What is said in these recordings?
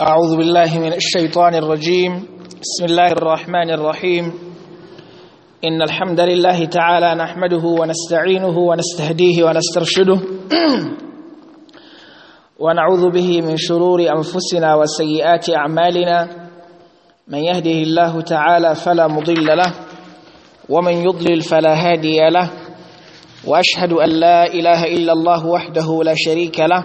أعوذ بالله من الشيطان الرجيم بسم الله الرحمن الرحيم إن الحمد لله تعالى نحمده ونستعينه ونستهديه ونسترشده ونعوذ به من شرور أنفسنا وسيئات أعمالنا من يهده الله تعالى فلا مضل له ومن يضلل فلا هادي له وأشهد أن لا إله إلا الله وحده لا شريك له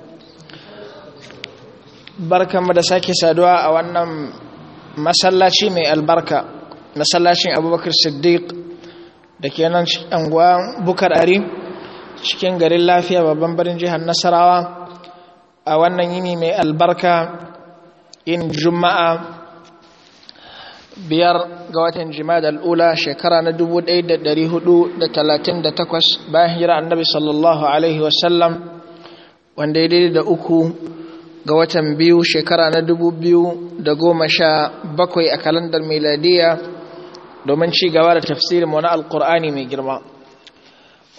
barkanmu da sake saduwa a wannan masallaci mai albarka masallacin abubakar siddiq da ke nan anguwa bukar ari cikin garin lafiya babban birnin jihar nasarawa a wannan yini mai albarka in juma'a biyar ga watan jima'a al'ula shekara na 1438 bayan hira annabi sallallahu alaihi wasallam wanda ya daidai da uku ga watan biyu shekara na dubu biyu da goma sha bakwai a kalandar miladiya domin ci gaba da tafsirin wani alkur'ani mai girma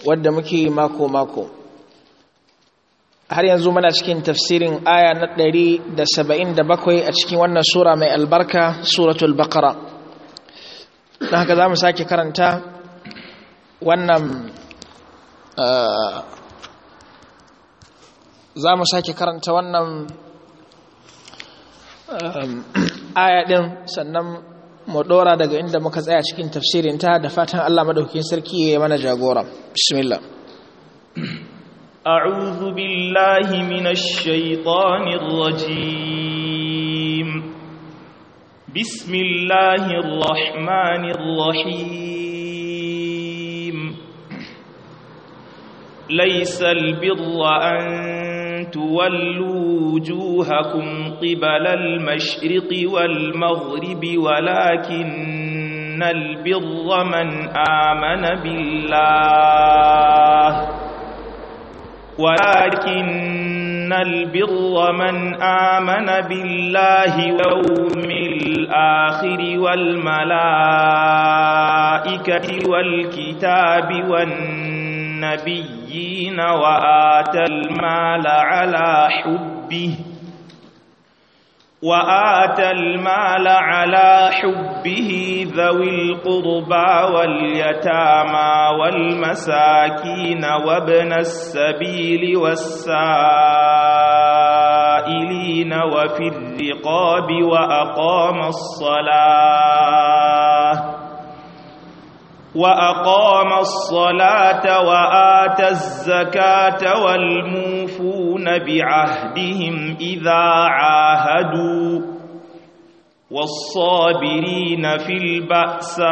wadda muke mako-mako har yanzu muna cikin tafsirin aya na ɗari da saba'in da bakwai a cikin wannan sura mai albarka suratul bakara na haka za mu sake karanta wannan eh, za mu sake karanta wannan um, ayadin. sannan mu ɗora daga inda muka tsaya cikin tafsirin, ta da fatan Allah madaukakin sarki ya mana jagora bismillah a'udhu billahi minash الشيطان الرجيم bismillahir rahmanir rahim الرحيم ليس تولوا وجوهكم قبل المشرق والمغرب ولكن البر من آمن بالله ولكن البر من آمن بالله ويوم الآخر والملائكة والكتاب والنبي المسكين وآتى المال على حبه وآتى المال على حبه ذوي القربى واليتامى والمساكين وابن السبيل والسائلين وفي الرقاب وأقام الصلاة وأقام الصلاة وآتى الزكاة والموفون بعهدهم إذا عاهدوا والصابرين في البأساء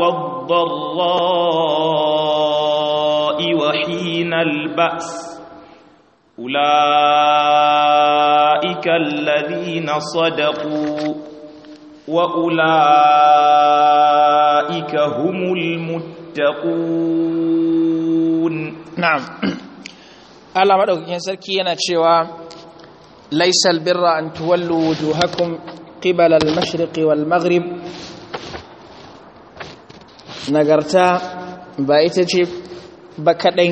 والضراء وحين البأس أولئك الذين صدقوا وأولئك ulaika humul sarki yana cewa laysal birra an tuwallu wujuhakum qibala al-mashriqi wal-maghrib nagarta ba ita ce ba kaɗai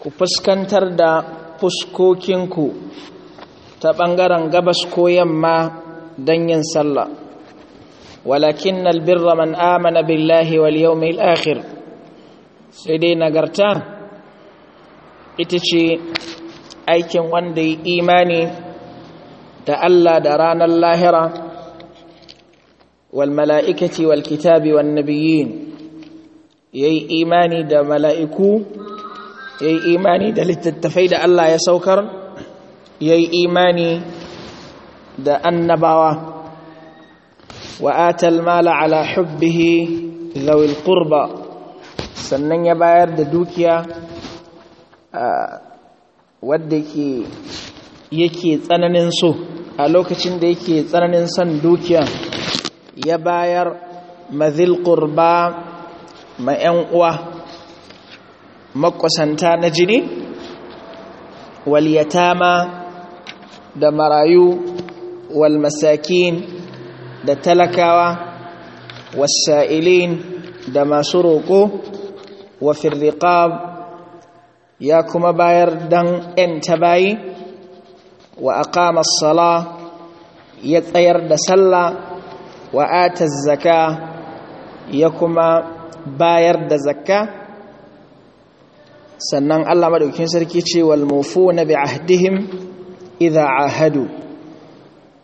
ku fuskantar da fuskokinku ta ɓangaren gabas ko yamma don yin sallah walakin albirra man amana billahi wal yawmil akhir sai dai nagarta ita ce aikin wanda ya imani da Allah da ranar lahira wal mala'ikati wal kitabi wan nabiyyin yayi imani da mala'iku yayi imani da littattafai da Allah ya saukar yayi imani da annabawa وآتى المال على حبه ذوي القربى sannan ya bayar da dukiya wadda yake tsananin so a lokacin da yake tsananin son dukiya ya bayar mazil qurba ma 'yan uwa makwasanta na jini yatama, da marayu wal masakin da talakawa wasa'ilin da masu roƙo wa firriqab ya kuma bayar dan yan tabayi wa aqama sala ya tsayar da sallah wa ata zaka ya kuma bayar da zakka sannan Allah madaukakin sarki ce wal mufuna bi ahdihim idha ahadu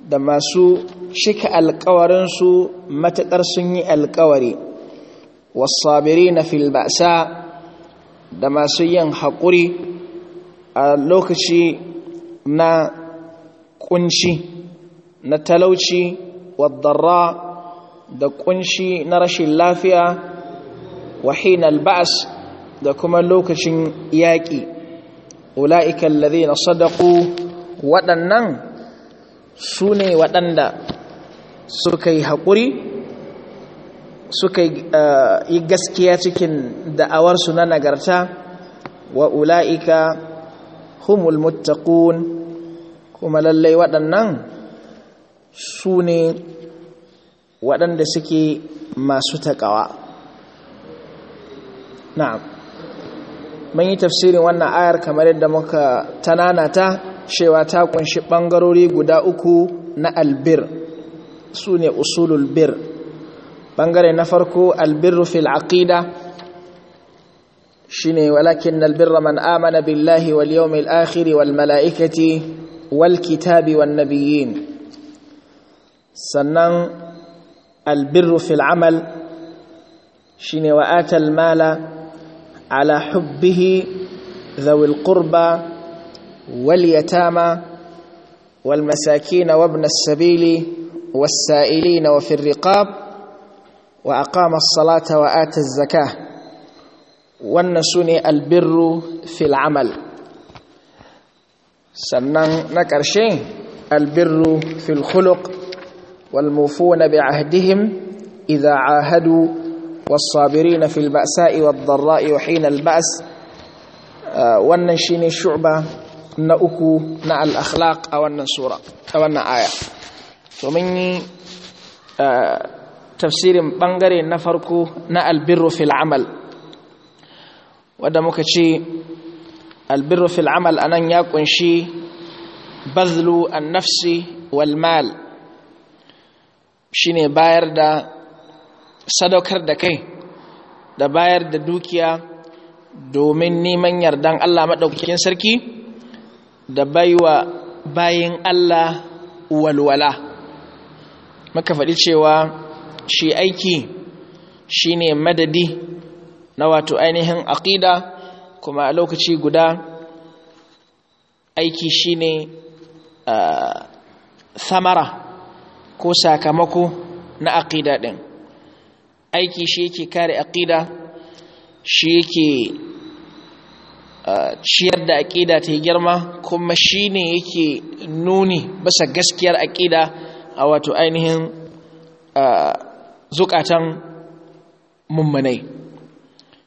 da masu cika alkawarinsu matuƙar sun yi alkawari wasabiri na filbasa da masu yin haƙuri a lokaci na ƙunshi na talauci wadarra da ƙunshi na rashin lafiya wahin alba'as da kuma lokacin yaƙi ula'ikan lalina sadaku waɗannan su ne waɗanda suka yi haƙuri suka eh, yi gaskiya cikin da'awarsu na nagarta wa ula'ika humul muttaqun kuma lallai waɗannan su ne waɗanda suke masu taƙawa na'am mun yi tafsirin wannan ayar kamar yadda muka ta, cewa ta kunshi ɓangarori guda uku na albir سوني أصول البر بانغري نفركو البر في العقيدة شني ولكن البر من آمن بالله واليوم الآخر والملائكة والكتاب والنبيين سنن البر في العمل شني وآت المال على حبه ذوي القربى واليتامى والمساكين وابن السبيل والسائلين وفي الرقاب وأقام الصلاة وآت الزكاة والنسوني البر في العمل سنن نكرشين البر في الخلق والموفون بعهدهم إذا عاهدوا والصابرين في البأساء والضراء وحين البأس آه، والنشين الشعبة نأكو نأ الأخلاق أو النسورة أو النآية to mun yi eh, tafsirin bangare na farko na albirru fil amal wadda muka ce albirru fil amal anan ya kunshi bazlu an nafsi walmal. Shi shine bayar da sadaukar da kai da bayar da dukiya domin neman yardan Allah maɗaukakin sarki da baiwa bayin Allah walwala maka faɗi cewa shi aiki shi ne madadi na wato ainihin aƙida kuma a lokaci guda aiki shi ne samara ko sakamako na aƙida ɗin aiki shi yake kare aƙida shi yake ciyar da aƙida ta yi girma kuma shi ne yake nuni basa gaskiyar aƙida a wato ainihin zukatan mummanai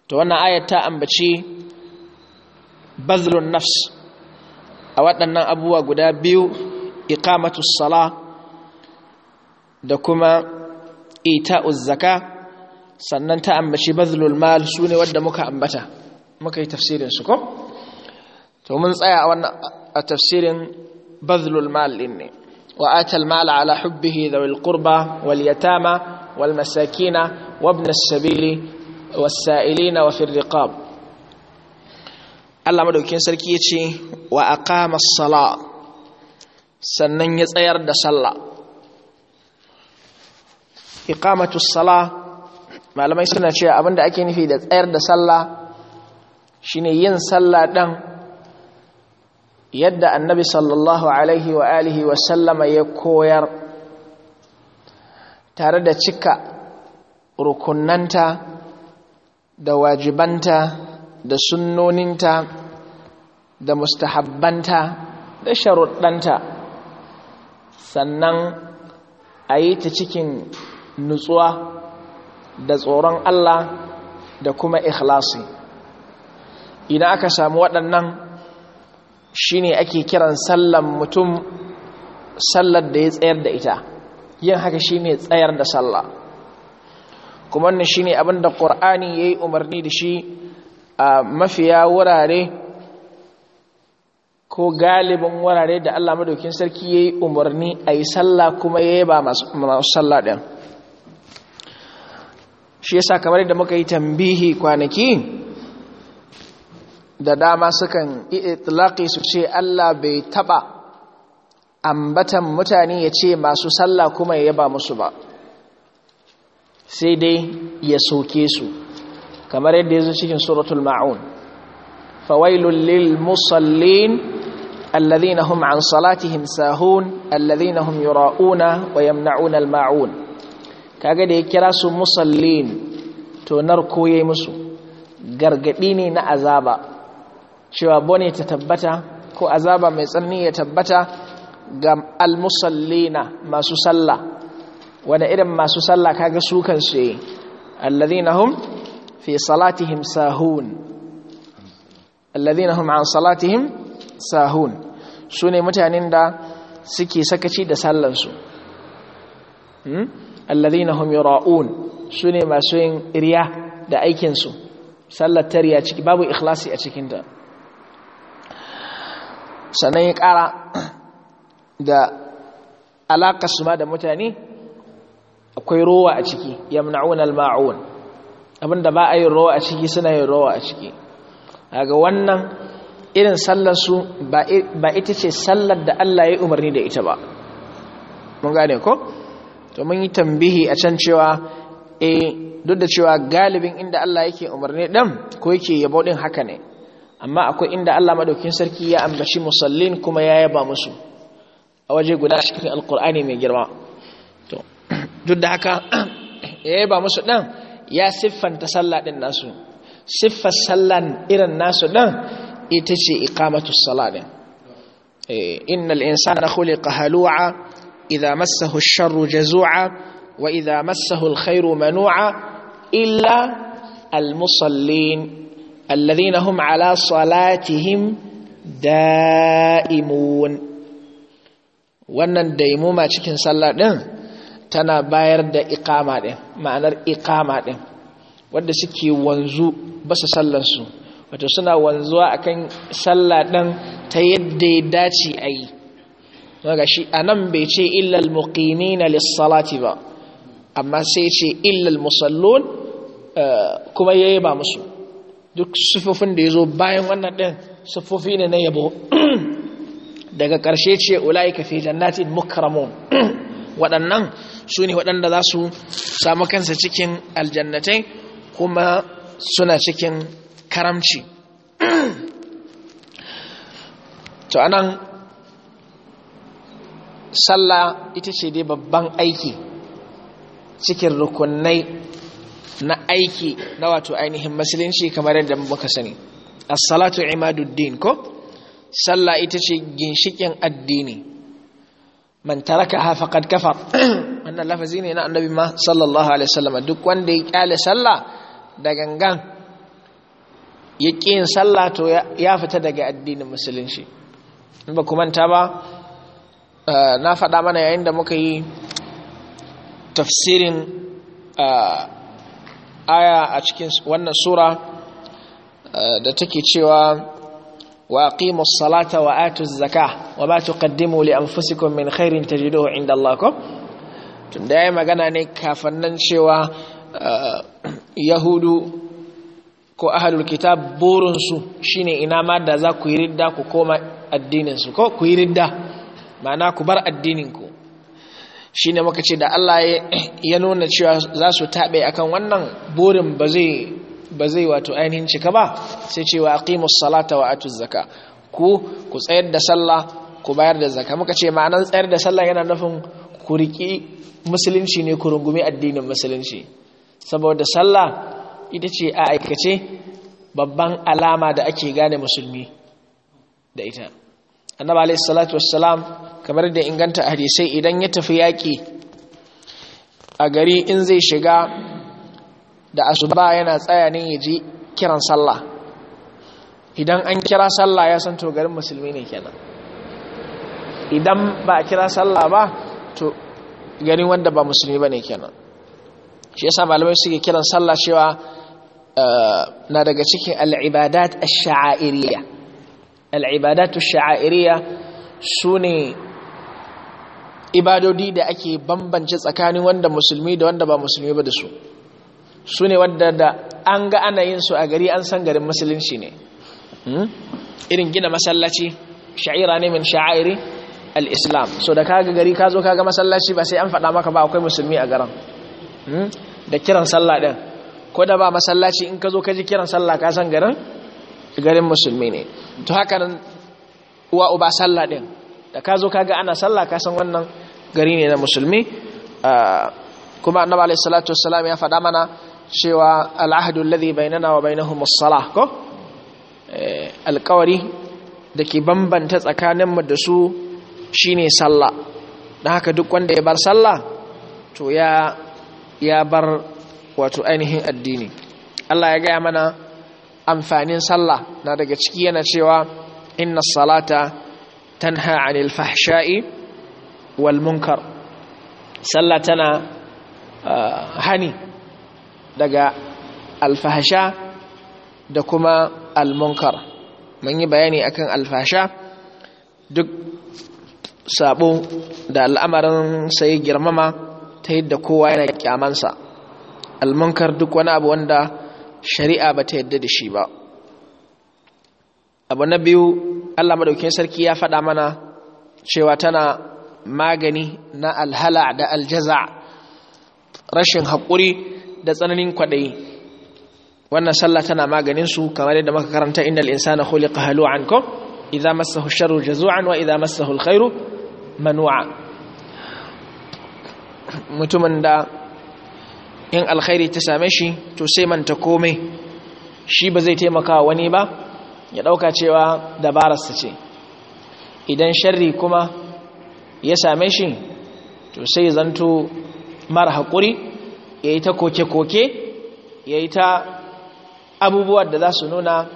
to wannan ayat ta ambaci bazlun nafs a waɗannan abubuwa guda biyu iqamatu sala da kuma ita'uz zaka sannan ta ambaci bazlul mal su ne wadda muka ambata muka yi tafsirin su ko to mun tsaya a tafsirin bazlul mal din ne وآتى المال على حبه ذوي القربى واليتامى والمساكين وابن السبيل والسائلين وفي الرقاب Allah madaukin sarki ya ce wa aqama sala sannan ya tsayar da sallah iqamatu sala malamai suna cewa abinda ake nufi da tsayar da sallah shine yin sallah ɗan. yadda annabi sallallahu alaihi wa alihi sallama ya koyar tare da cika rukunanta da wajibanta da sunnoninta da mustahabbanta da sharuɗanta sannan a yi ta cikin nutsuwa da tsoron Allah da kuma ikhlasi idan aka samu waɗannan shine ake kiran sallan mutum sallar da ya tsayar da ita yin haka shine tsayar da sallah kuma wannan shine abin da qur'ani yayi umarni da shi a mafiya wurare ko galibin wurare da Allah madaukin sarki yayi umarni ayi sallah kuma yayi ba masu sallah din shi yasa kamar da muka yi tambihi kwanaki da dama sukan itlaqi su ce Allah bai taba ambatan mutane ya ce masu sallah kuma ya yaba musu ba sai dai ya soke su kamar yadda ya zo cikin suratul ma'un fawailul lil musallin alladhina hum an salatihim sahun alladhina hum yura'una wa yamna'una al ma'un kaga da ya kira su musallin to narko yayi musu gargadi ne na azaba cewa bone ta tabbata ko azaba mai tsanani ya tabbata ga almusallina masu sallah wanda irin masu sallah kaga su kansu yi alladhina fi salatihim sahun alladhina hum an salatihim sahun sune mutanen da suke sakaci da sallansu hmm? alladhina hum yura'un sune masu yin riya da aikinsu sallar tariya ciki babu ikhlasi a cikinta sannan ya ƙara da alaƙa su ma da mutane akwai rowa a ciki yamna'un al-ma'un abinda ba a yin rowa a ciki suna yin rowa a ciki daga wannan irin sallar ba ita ce sallar da Allah ya umarni da ita ba mun gane ko to mun yi tambihi a can cewa e duk da cewa galibin inda Allah yake umarni dan ko yake yabo din haka ne amma akwai inda Allah madaukakin sarki ya ambaci musallin kuma ya yaba musu a waje guda cikin alkur'ani mai girma to duk da haka ya yaba musu ɗan ya siffanta sallah ɗin nasu siffar sallan irin nasu ɗan ita ce iqamatu sallah ɗin innal insana khuliqa halu'a idza massahu ash-sharru jazu'a wa idza massahu al-khairu manu'a illa al-musallin alladhina hum ala salatihim da'imun wannan daimuma cikin sallah din tana bayar da iqama din ma'anar iqama din wanda suke wanzu basa sallar su wato suna wanzuwa akan sallah din ta yadda ya dace ayi daga shi anan bai ce illal muqimina lis-salati ba amma sai ce illal musallun eh, kuma yayi ba musu duk sufofin da ya zo bayan wannan ɗin sufofi ne na yabo daga ƙarshe ce ulayi kafe jannatin mukaramun waɗannan su ne waɗanda za su samu kansa cikin aljannatai kuma suna cikin karamci to anan sallah ita ce dai babban aiki cikin rukunai na aiki na wato ainihin musulunci kamar yadda muka sani as-salatu imaduddin ko sallah ita ce ginshikin addini man tarakaha faqad kafar wannan lafazi ne na annabi ma sallallahu alaihi wasallam duk wanda ya kyale sallah da gangan ya kiyin sallah to ya fita daga addinin musulunci in ba kuma manta ba eh, na faɗa mana yayin da muka yi tafsirin eh, aya a cikin wannan sura eh, da take cewa wa aqimus salata wa atuz zakah wa ma tuqaddimu li anfusikum min khairin tajiduhu inda Allah ko da yayi magana ne kafin cewa eh, yahudu ko ahalul kitab burinsu shine ina ma da za ku yi ridda ku koma addininsu ko ku yi ridda ma'ana ku bar addininku shi ne muka ce da Allah ya nuna cewa za su taɓe a kan wannan burin ba zai wato ainihin cika ba sai cewa aqimus salata wa atu zaka ku ku tsayar da sallah ku bayar da zaka muka ce ma'anar tsayar da sallah yana nufin ku riki musulunci ne ku rungumi addinin musulunci saboda sallah ita ce a aikace babban alama da ake gane musulmi da ita annaba alaihi salatu wassalam kamar da inganta hadisai idan ya tafi yaki, a gari in zai shiga da asuba yana tsaya ne yaji kiran sallah idan an kira sallah ya san to garin musulmi ne kenan idan ba a kira sallah ba to garin wanda ba musulmi ba kenan shi yasa malamai suke kiran sallah cewa eh, na daga cikin al-ibadat ash shairiyah al'ibadatu sha'airiya su ne ibadodi da ake bambance tsakanin wanda musulmi da wanda ba musulmi ba da su su ne wadda da an ga ana yin su a gari an san garin musulunci ne irin gina masallaci sha'ira ne min sha'airi al'islam so da kaga gari ka zo kaga masallaci ba sai an faɗa maka ba akwai musulmi a garin da kiran sallah ɗin ko da ba masallaci in ka zo ka ji kiran sallah ka san garin garin musulmi ne to haka nan uwa uba sallah din da ka zo kaga ana sallah ka san wannan gari ne na musulmi ah, kuma annabi alayhi salatu wassalam ya faɗa mana cewa al'ahdu alladhi bainana wa bainahum as-salah ko eh, alƙawari da ke bambanta tsakaninmu da su shine sallah dan haka duk wanda ya bar sallah to ya ya bar wato ainihin addini Allah ya gaya mana amfanin sallah na daga ciki yana cewa inna salata tanha anil fahsha'i wal munkar sallah tana uh, hani daga alfahasha da kuma al munkar mun yi bayani akan alfahsha duk sabo da al'amarin sai girmama ta yadda kowa yana kyamansa al munkar duk wani abu wanda shari'a ba ta yadda da shi ba abu na biyu allah maɗaukin sarki ya faɗa mana cewa tana magani na alhala da aljaza rashin haƙuri da tsananin kwaɗayi wannan sallah tana maganin su kamar yadda muka karanta innal insana khuliqa halu'an ko idan massahu sharru jazu'an wa idan masahu alkhairu manu'a mutumin da in alkhairi ta same shi to sai manta komai shi ba zai taimaka wani ba ya ɗauka cewa dabararsa ce idan sharri kuma ya same shi to sai zanto mara haƙuri yayi ta koke-koke yayi ta abubuwa da za su nuna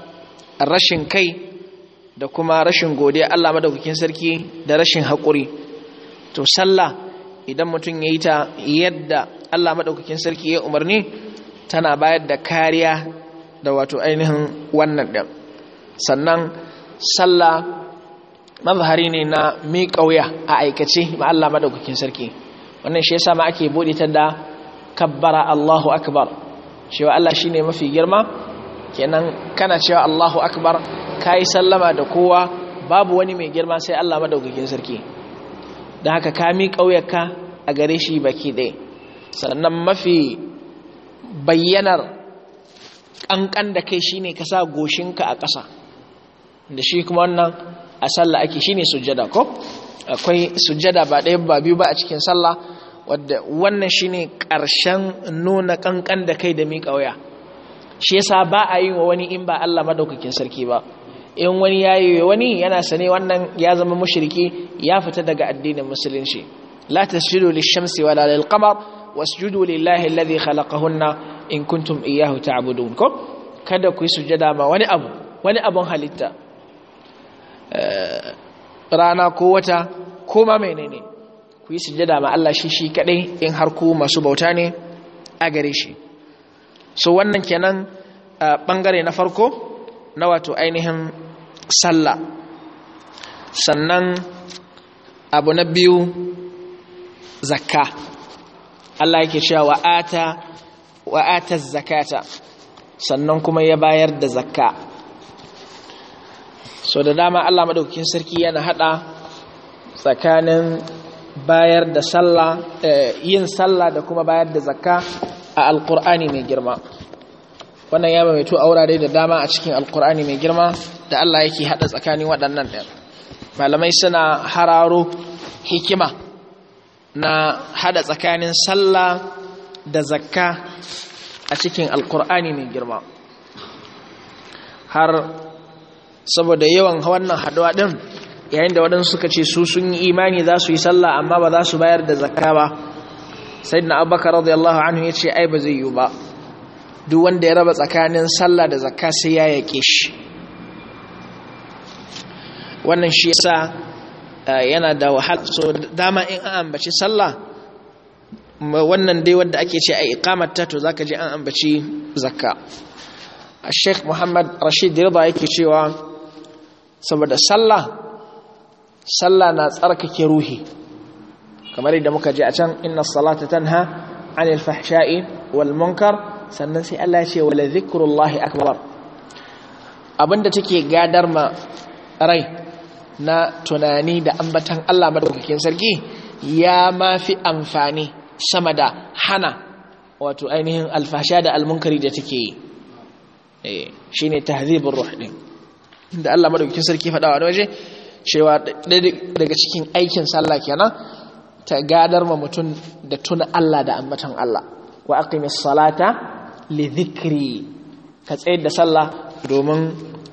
rashin kai da kuma rashin godiya Allah madaukakin sarki da rashin haƙuri to sallah idan mutum yayi ta yadda Allah maɗaukakin sarki ya umarni tana bayar da kariya da wato ainihin wannan ɗin sannan sallah mazhari ne na miƙa a aikace ma Allah maɗaukakin sarki wannan shi yasa ma ake buɗe ta da kabbara Allahu akbar cewa Allah shine mafi girma kenan kana cewa Allahu akbar kai sallama da kowa babu wani mai girma sai Allah maɗaukakin sarki da haka ka mi ka a gare shi baki ɗaya sannan mafi bayyanar ƙanƙan da kai shine ka sa goshinka a ƙasa da shi kuma wannan a sallah ake shi ne sujada ko akwai sujjada ba ɗaya ba biyu ba a cikin sallah wadda wannan ne ƙarshen nuna ƙanƙan da kai da miƙa waya shi yasa ba a yi wa wani in ba Allah madaukakin sarki ba in wani ya yi wani yana sane wannan ya zama mushriki ya fita daga addinin musulunci la tasjudu lishamsi wala lilqamar wasjudu lillahi alladhi khalaqahunna in kuntum iyyahu ta'budun ko kada ku yi sujada ma wani abu wani abun halitta eh, rana ko wata ko ma menene ku yi sujada ma Allah shi shi kadai in har ku masu bauta ne a gare shi so wannan kenan bangare na farko na wato ainihin sallah sannan abu na biyu zakka Allah yake cewa wa'ata wa'ata zakata sannan kuma ya bayar da zakka so da dama Allah madaukakin sarki yana hada tsakanin bayar da sallah eh, yin sallah da kuma bayar da zakka a alqur'ani mai girma wannan ya mai to aurare da dama a cikin alqur'ani mai girma da Allah yake hada tsakanin waɗannan ɗin malamai suna hararo hikima na hada tsakanin sallah da zakka a cikin alkur'ani mai girma har saboda yawan wannan haduwa din yayin da waɗansu suka ce su sun yi imani za su yi sallah amma ba za su bayar da zakka ba sai na abubakar radiyallahu anhu ya ce ai ba zai yi ba duk wanda ya raba tsakanin sallah da zakka sai ya yake shi wannan shi yasa Eh, yana da wahala so dama in an ambaci sallah wannan dai wanda ake ce a iqamata to zaka je an ambaci zakka Sheikh Muhammad Rashid Rida yake cewa saboda sallah sallah na tsarkake ruhi kamar yadda muka ji a can inna salata tanha anil fahsha'i wal munkar sannan sai Allah ya ce wala zikrullahi akbar abinda take gadar ma rai na tunani da ambatan Allah madaukakin sarki ya ma fi amfani sama da hana wato ainihin alfasha da almunkari da take yi eh, shi ne tahzibin ruh ɗin da Allah madaukakin sarki faɗa wani waje cewa daga cikin aikin sallah kenan ta gadar ma mutum da tuna Allah da ambatan Allah wa aqimis salata li dhikri ka tsayar da sallah domin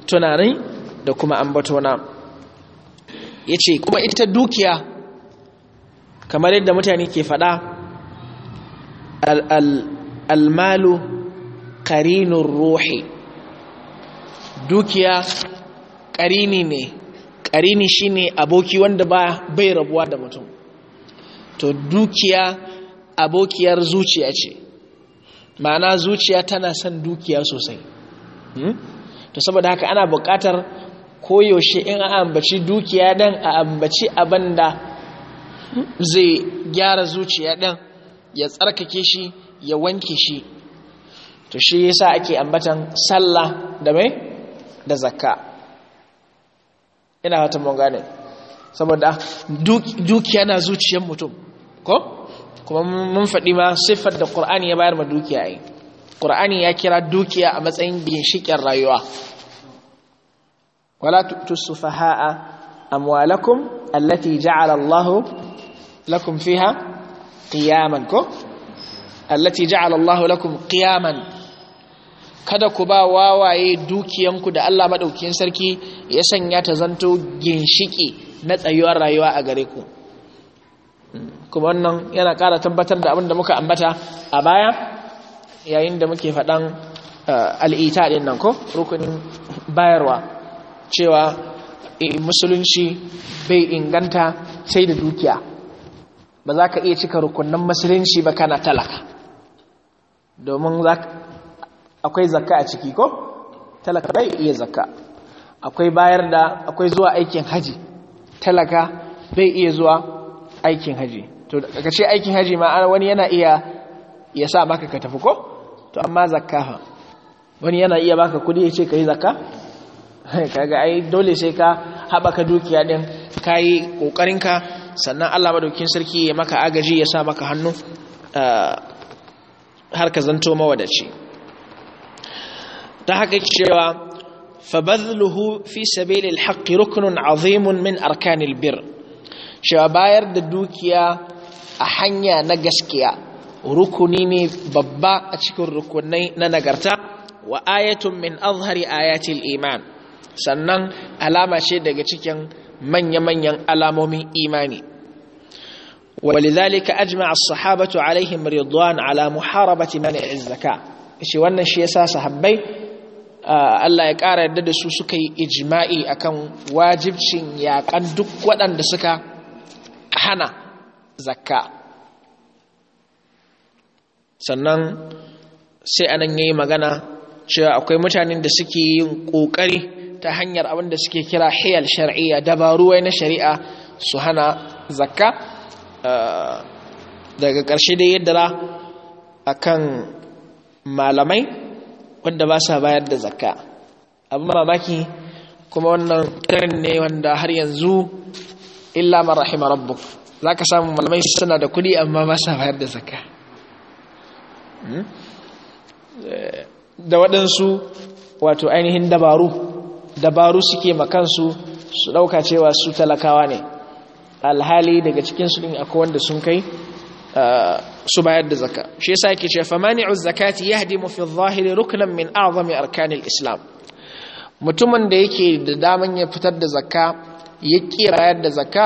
tunani da kuma ambatona ya ce kuma ita dukiya kamar yadda mutane ke faɗa almalu karinun ruhi dukiya karini ne karini shine aboki wanda ba bai rabuwa da mutum to dukiya abokiyar zuciya ce ma'ana zuciya tana son dukiya sosai hmm? to saboda haka ana buƙatar koyaushe in an ambaci dukiya ɗin a ambaci abin da zai gyara zuciya ɗin ya tsarkake shi ya wanke shi to shi yasa ake ambatan sallah da mai da zakka ina wata mun gane saboda dukiya na zuciyar mutum ko kuma mun faɗi ma siffar da ƙur'ani ya bayar ma dukiya yi ƙur'ani ya kira dukiya a matsayin ginshiƙin rayuwa ولا تؤتوا السفهاء أموالكم التي جعل الله لكم فيها قياما التي جعل الله لكم قياما kada ku ba wawaye dukiyanku da Allah maɗaukiyin sarki ya sanya ta zanto ginshiƙi na tsayuwar rayuwa a gare ku kuma wannan yana ƙara tabbatar da abin da muka ambata a baya yayin da muke faɗan al'ita ɗin nan ko rukunin bayarwa cewa musulunci bai inganta sai da dukiya ba za ka iya cika rukunan musulunci ba kana talaka domin akwai zakka a ciki ko talaka bai iya zakka akwai bayar da akwai zuwa aikin haji talaka bai iya zuwa aikin haji to daga ce aikin haji ma wani yana iya ya sa maka ka tafi ko to amma zakka wani yana iya baka kudi ya ce ka yi zakka kaga ai dole sai ka haɓaka dukiya ɗin ka yi ƙoƙarinka sannan allah madaukin sarki ya maka agaji ya sa maka hannu har ka zanto mawadaci ta haka cewa fabadluhu fi sabilil haqqi ruknun azimun min arkanil bir cewa bayar da dukiya a hanya na gaskiya rukuni ne babba a cikin rukunai na nagarta wa ayatun min azhari ayatil iman sannan alama ce daga cikin manya-manyan alamomin imani ولذلك sahabatu alaihim عليهم ala muharabati محاربة منع zaka shi wannan shi yasa sahabbai Allah ya ƙara yadda da su suka yi ijma'i akan wajibcin yaƙan duk waɗanda suka hana zaka. sannan sai anan yayi magana cewa akwai mutanen da suke yin ƙoƙari ta hanyar abin da suke kira hiyar shari'a dabaru wai na shari'a su hana zakka eh, daga ƙarshe dai yadda kan malamai wanda ba sa bayar da zakka abin mamaki kuma wannan kiran ne wanda har yanzu illa man rabu Za ka samu malamai suna da kuɗi amma ba sa bayar da zakka hmm? eh, da waɗansu wato ainihin dabaru dabaru suke makansu su ɗauka cewa su talakawa ne alhali daga cikinsu ɗin akwai wanda sun kai su bayar da zaka shi yasa yake ce famani'u zakati yahdimu fi zahiri dhahiri ruknan min a'zami arkanil islam mutumin da yake da daman ya fitar da zakka ya ki bayar da zakka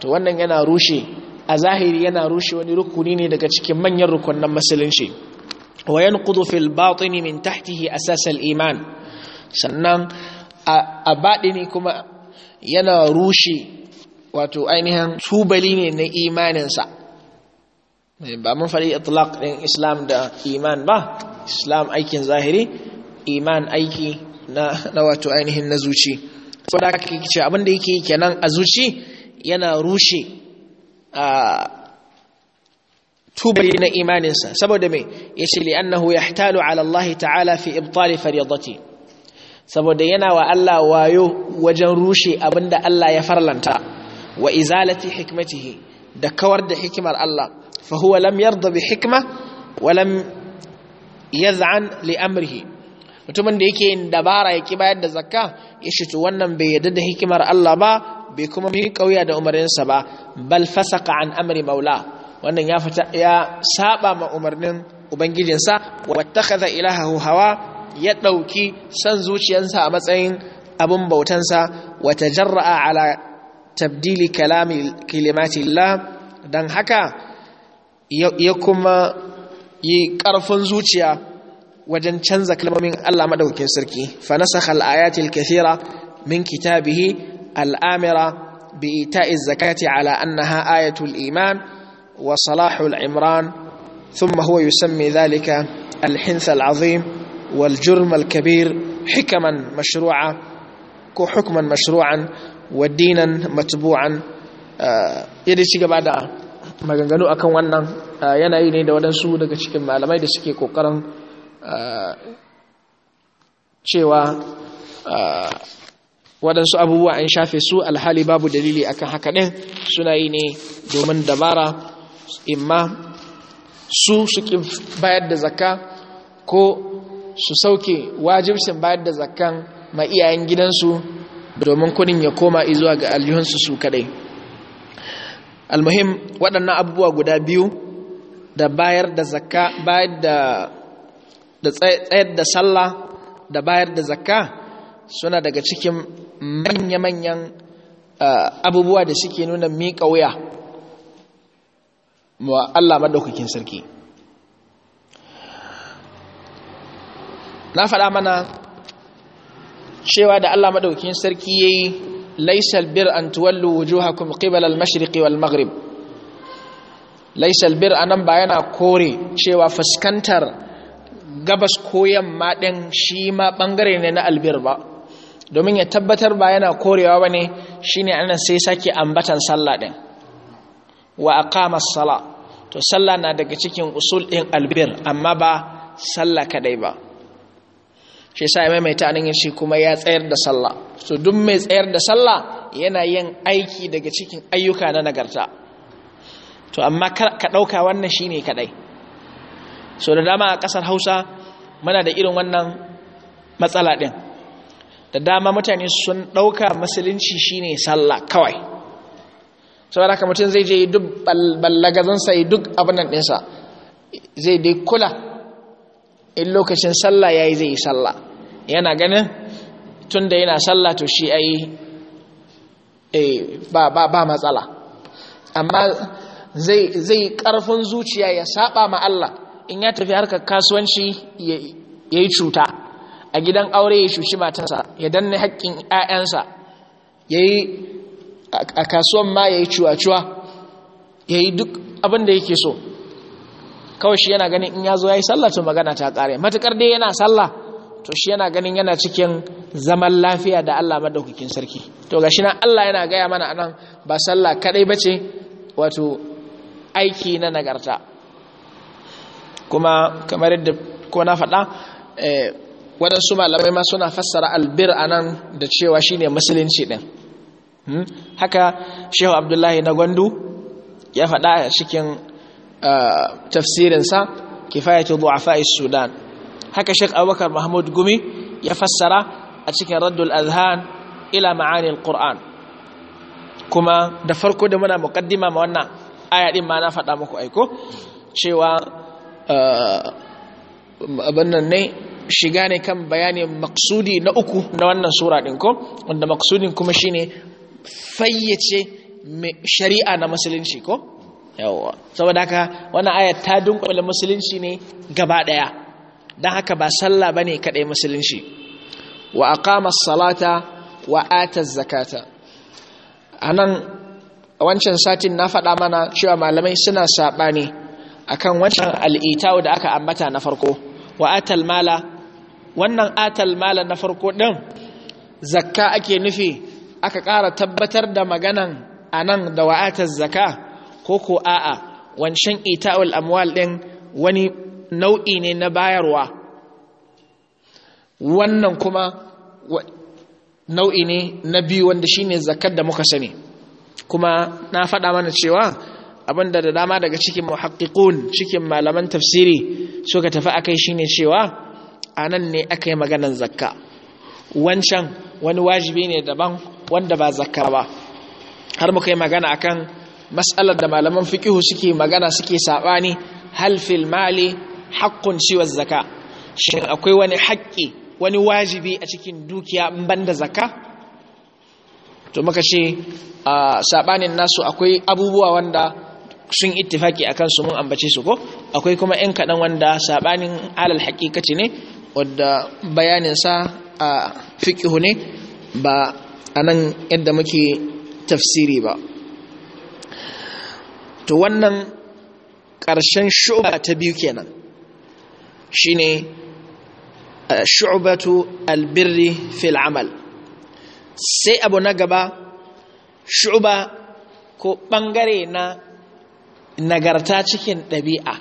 to wannan yana rushe a zahiri yana rushe wani rukuni ne daga cikin manyan rukunan musulunci wa yanqudu fil batini min tahtihi asas al-iman sannan a ne kuma yana rushe wato ainihin tubali ne na imaninsa ba mun faɗi itlaq ɗin islam da iman ba islam aikin zahiri iman aiki na wato ainihin na zuci saboda haka ce abin da yake kenan a zuci yana rushe a tubali na imaninsa saboda me yace li annahu yahtalu ala Allah ta'ala fi ibtali faridati saboda yana wa Allah wayo wajen rushe abinda Allah ya farlanta wa izalati hikmatihi da kawar da hikimar Allah fa huwa lam yarda bi hikma wa lam yaz'an li amrihi mutumin da yake yin dabara ya ki bayar da zakka ya to wannan bai yarda da hikimar Allah ba bai kuma bi kauya da umarninsa ba bal fasaqa an amri maula wannan ya fita ya saba ma umarnin ubangijinsa wattakhadha ilahahu hawa ya ɗauki son zuciyarsa a matsayin abin bautansa wata jarra'a ala tabdili kalimatillah don haka ya kuma yi ƙarfin zuciya wajen canza kalmomin Allah madaukakin sarki fa nasakha al-ayatil kathira min kitabihi al-amira bi ita'i zakati ala annaha ayatul iman wa salahul imran thumma huwa yusammi dhalika al-hinth al-azim والجرم الكبير حكما مشروعة حكما مشروعا ودينا متبوعا yadda ci gaba da maganganu akan wannan yanayi ne da waɗansu daga cikin malamai da suke ƙoƙarin cewa waɗansu abubuwa an shafe su alhali babu dalili akan haka ɗin suna yi ne domin dabara imma su su bayar da zakka ko su sauke wajibcin bayar da zakkan ma iyayen gidansu domin kudin ya koma izuwa ga aljihunsu su kadai almuhim waɗannan abubuwa guda biyu da bayar da zakka bayar da tsayar da sallah da bayar da zakka suna daga cikin manya-manyan abubuwa da suke nuna miƙa wuya wa Allah maɗaukakin sarki na faɗa mana cewa da Allah Maɗaukin sarki yayi laysal bir an tuwallu wujuhakum qibala al-mashriqi wal maghrib laysal bir anan ba yana kore cewa fuskantar gabas ko yamma ɗin shi ma bangare ne na albir ba domin ya tabbatar ba yana korewa bane shine anan sai sake ambatan sallah ɗin. wa aqama as-sala to sallah na daga cikin usul ɗin albir amma ba sallah kadai ba shi sa maimaita nan shi kuma ya tsayar da sallah so duk mai tsayar da sallah yana yin aiki daga cikin ayyuka na nagarta to amma ka dauka wannan shine kaɗai. so da dama a kasar Hausa muna da irin wannan matsala din da dama mutane sun ɗauka musulunci shine sallah kawai saboda haka mutum zai je duk ballagazansa duk abin nan zai dai kula in lokacin sallah ya yi zai yi sallah yana ganin tun da yana sallah to shi ai eh, ba matsala amma zai karfin zuciya ya saba ma Allah in ya tafi harkar kasuwanci ya yi cuta a gidan aure ya cuci matarsa, ya danne haƙƙin 'ya'yansa ya yi a kasuwan ma ya yi cuwa-cuwa ya yi duk abin da yake so kawai shi yana ganin in ya zo ya yi sallah to magana ta ƙare matuƙar dai yana sallah to shi yana ganin yana cikin zaman lafiya da Allah madaukakin sarki to ga shi na Allah yana gaya mana anan ba sallah kadai bace wato aiki na nagarta kuma kamar yadda ko na faɗa eh, waɗansu malamai ma suna fassara albir anan da cewa shine musulunci ɗin hmm? haka shehu abdullahi na gwandu ya faɗa a cikin tafsirinsa kifayatu du'afa'i sudan haka sheikh abubakar mahmud gumi ya fassara a cikin raddul azhan ila ma'ani qur'an kuma da farko da muna muqaddima ma wannan aya din ma na faɗa muku aiko cewa eh, abannan ne shiga ne kan bayanin maksudi na uku na wannan sura ɗin ko wanda maksudin kuma shine fayyace shari'a na musulunci ko yawa saboda haka wannan ayat ta dunkule musulunci ne gaba daya dan haka ba sallah ba ne kadai musulunci wa aqama salata wa ata zakata anan wancan satin na faɗa mana cewa malamai suna saɓani akan wancan al'itawo da aka ambata na farko wa atal mala wannan atal mala na farko ɗin zakka ake nufi aka ƙara tabbatar da maganan a nan da wa'atar zaka. ko ko a'a wancan ita'ul amwal ɗin wani nau'i ne na bayarwa wannan kuma nau'i ne na biyu wanda shine zakar da muka sani kuma na faɗa mana cewa abinda da dama daga cikin muhaqqiqun cikin malaman tafsiri suka tafi akai shine cewa anan ne aka yi maganar zakka wancan wani wajibi ne daban wanda ba zakka ba har muka yi magana akan mas'alar da malaman fiƙihu suke magana suke saɓani hal fil mali haƙƙun ciwon zaka shin akwai wani haƙƙi wani wajibi a cikin dukiya in banda zaka? to muka ce saɓanin nasu akwai abubuwa wanda sun ittifaki akan su mun ambace su ko akwai kuma yan kaɗan wanda saɓanin alal haƙiƙaci ne wadda bayanin sa a fiƙihu ne ba a nan yadda muke tafsiri ba to wannan ƙarshen shu'ba ta biyu kenan shine eh, shu'batu albirri fil amal sai abu na gaba shu'ba ko ɓangare na nagarta cikin ɗabi'a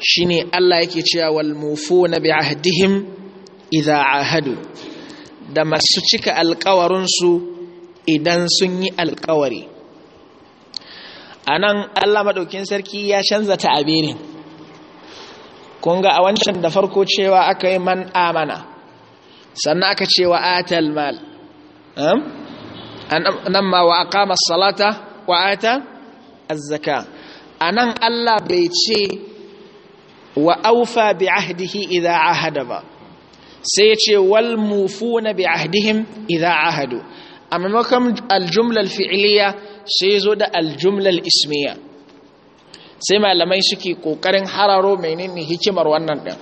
shine Allah yake cewa wal mufuna bi ahdihim idza ahadu da masu cika alkawarinsu idan sun yi alkawari a nan allah maɗaukin sarki ya canza ta'abirin kun ga a wancan da farko cewa aka yi man amana sannan aka ce wa atal mal nan ma wa aqama salata wa ata azzaka nan Allah bai ce wa aufa bi ahdihi idza ahada ba sai ya ce wal mufuna bi ahdihim idza ahadu a maimakon aljumlar fi'iliya sai ya zo da aljumlar ismiya sai malamai suke ƙoƙarin hararo menene hikimar wannan ɗin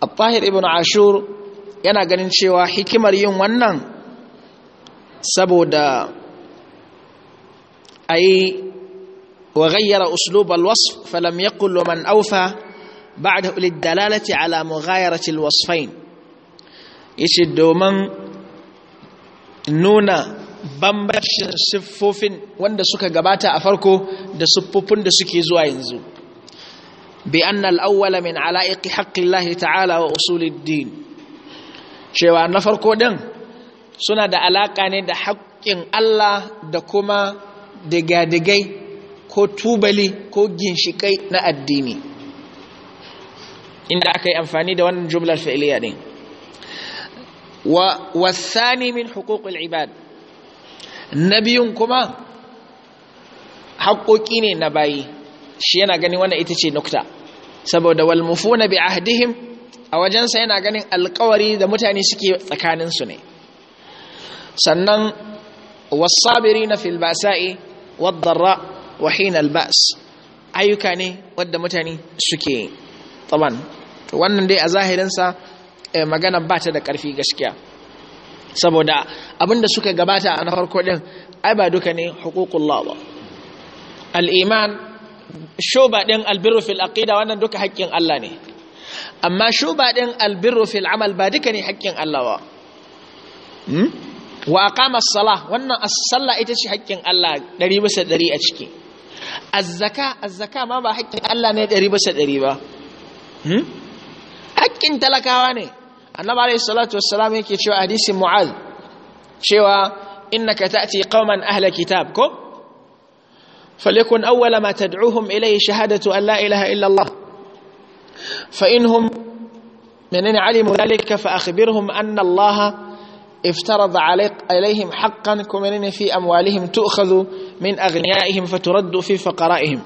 a fahir ibn ashur yana ganin cewa hikimar yin wannan saboda a yi wa gayyara usulubar wasu falam ya kullo man aufa ba da ulid dalalati alamu gayyara tilwasfain ya ce domin nuna bambancin siffofin wanda suka gabata a farko da siffofin da suke zuwa yanzu bi annal awwala min ala'iqi haqqillahi ta'ala wa usuliddin cewa na farko din suna da alaka ne da haƙƙin Allah da kuma digadigai ko tubali ko ginshikai na addini inda aka yi amfani da wannan jumlar fa'iliya din wa wasani min huququl ibad na biyun kuma haƙoƙi ne na bayi shi yana ganin wannan ita ce saboda wal mufuna bi ahdihim a wajensa yana ganin alƙawari da mutane suke tsakaninsu ne sannan wasabirina fil basa'i wad darra wa hina al ba's ayyuka ne wadda mutane suke tsaman to wannan dai a zahirinsa Eh, magana ba ta da ƙarfi gaskiya saboda abinda suka gabata a na farko ɗin ai ba duka ne hukukullah ba al'iman shuba din albirru fil aqida wannan duka haƙƙin Allah ne amma shuba din albirru fil amal ba duka ne haƙƙin Allah ba hmm? wa aqama as-salah wannan as salla ita ce haƙƙin Allah 100 a ciki az-zaka az-zaka ma ba haƙƙin Allah ne 100 100 ba hmm? haƙƙin talakawa ne annaba alayhi salatu wassalam yake cewa hadisi mu'al cewa innaka ta'ti qauman ahla kitab ko falyakun awwala ma tad'uhum ilayhi shahadatu an la ilaha illa allah fa inhum minna alimu dhalika fa akhbirhum anna allah iftarada alayhim haqqan kumanna fi amwalihim tu'khadhu min aghniyaihim fa turaddu fi faqaraihim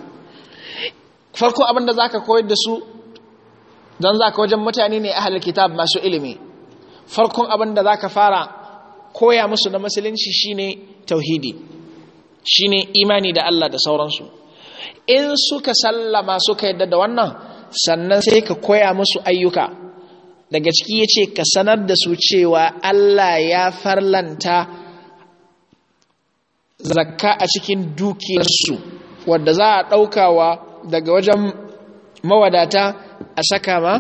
farko abinda zaka koyar da su don za ka wajen mutane ne ahalar kitab masu ilimi farkon abin da za ka fara koya musu na musulunci shine tauhidi shine imani da Allah da sauransu in suka sallama suka yadda da wannan sannan sai ka koya musu ayyuka daga ciki ya ce ka sanar da su cewa Allah ya farlanta zakka a cikin dukiyarsu wadda za a ɗaukawa daga wajen mawadata a saka ma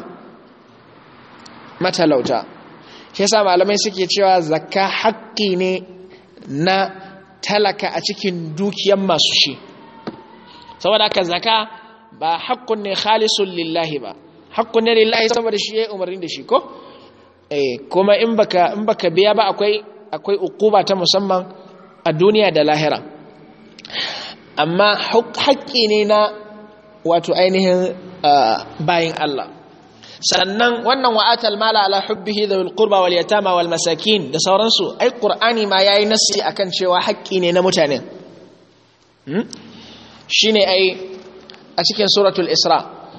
matalauta shi yasa malamai suke cewa zakka haƙƙi ne na talaka a cikin dukiyar masu shi saboda haka zakka ba haƙƙun ne khalisun lillahi ba haƙƙun ne lillahi saboda shi ya umarni da shi ko eh kuma in baka in baka biya ba akwai akwai ukuba ta musamman a duniya da lahira amma haƙƙi ne na wato ainihin bayin Allah sannan wannan wa'atal mala ala hubbihi dhul qurba wal yatama wal masakin da sauransu ai qur'ani ma yayi nasi akan cewa haƙƙi ne na mutane hmm? shine ai a cikin suratul isra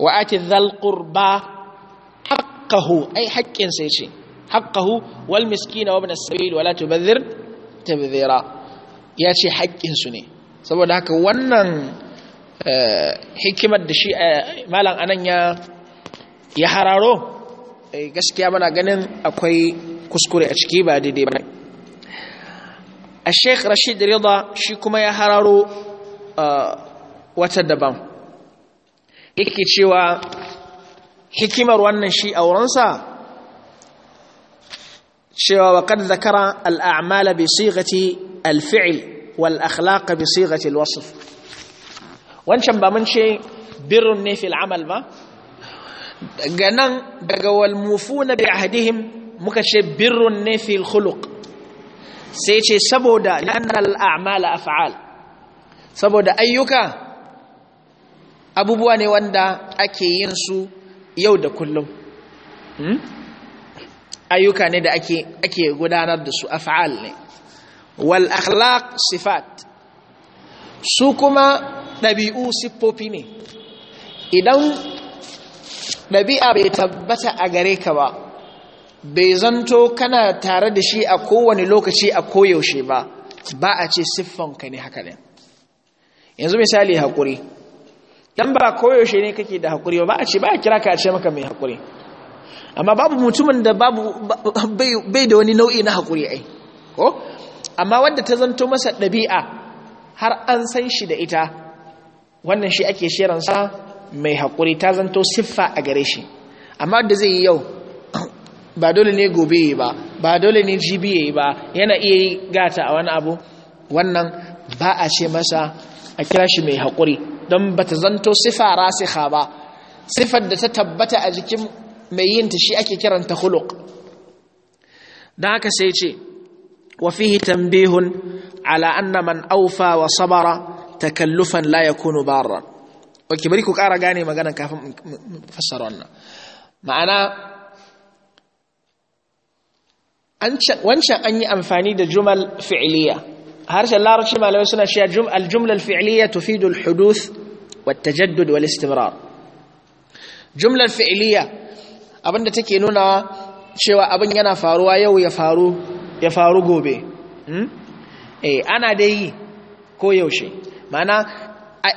wa'ati dhul qurba haqqahu ai haƙƙin sai ce haqqahu wal miskina wa ibn as-sabil wala tubadhir tabdhira yace haƙƙin su ne saboda haka wannan Eh, hikimar da shi eh, malam anan ya ya hararo eh, gaskiya mana ganin akwai kuskure a ciki ba daidai ba a sheikh rashid rida shi kuma ya hararo wata daban yake cewa hikimar wannan shi aurensa cewa wa kad zakara al'amala bi sigati alfi'il fil wal akhlaq bi sigati al wancan ba mun ce birrun ne fil amal ba daga nan daga walmufuna bi ahdihim muka ce birrun ne fil khuluq sai ce saboda lannal a af'al saboda ayyuka abubuwa ne wanda ake yin su yau da kullum hmm? ayyuka ne da ake ake gudanar da su af'al ne wal akhlaq sifat su kuma ɗabi'u siffofi ne idan ɗabi'a bai tabbata a gare ka ba bai zanto kana tare da shi a kowane lokaci a koyaushe ba ba a ce siffonka ne haka ne yanzu misali haƙuri idan ba koyaushe ne kake da haƙuri ba a ce ba a kira ka a ce maka mai haƙuri amma babu mutumin da babu bai da wani nau'i na haƙuri ai ko amma wadda ta zanto masa ɗabi'a har an san shi da ita wannan shi ake shiransa mai haƙuri ta zanto siffa a gare shi amma da zai yi yau ba dole ne gobe yi ba ba dole ne jibi ba yana iya yi gata a wani abu wannan ba a ce masa a kira shi mai haƙuri don ba ta zanto siffa rasiha ba siffar da ta tabbata a jikin mai yin ta shi ake kiranta huluk da haka sai ce wa fihi tambihun ala anna man aufa wa sabara takallufan la yakunu barra ki bari ku ƙara gane magana kafin fassara wannan ma'ana wancan an yi amfani da jumal fi'iliya harshen larabci malamai suna shi aljumla fi'iliya tufidu alhuduth والتجدد istimrar Jumlal فعلية abinda take nuna cewa abin yana faruwa yau ya faru gobe hmm? eh, ana dai ko yaushe mana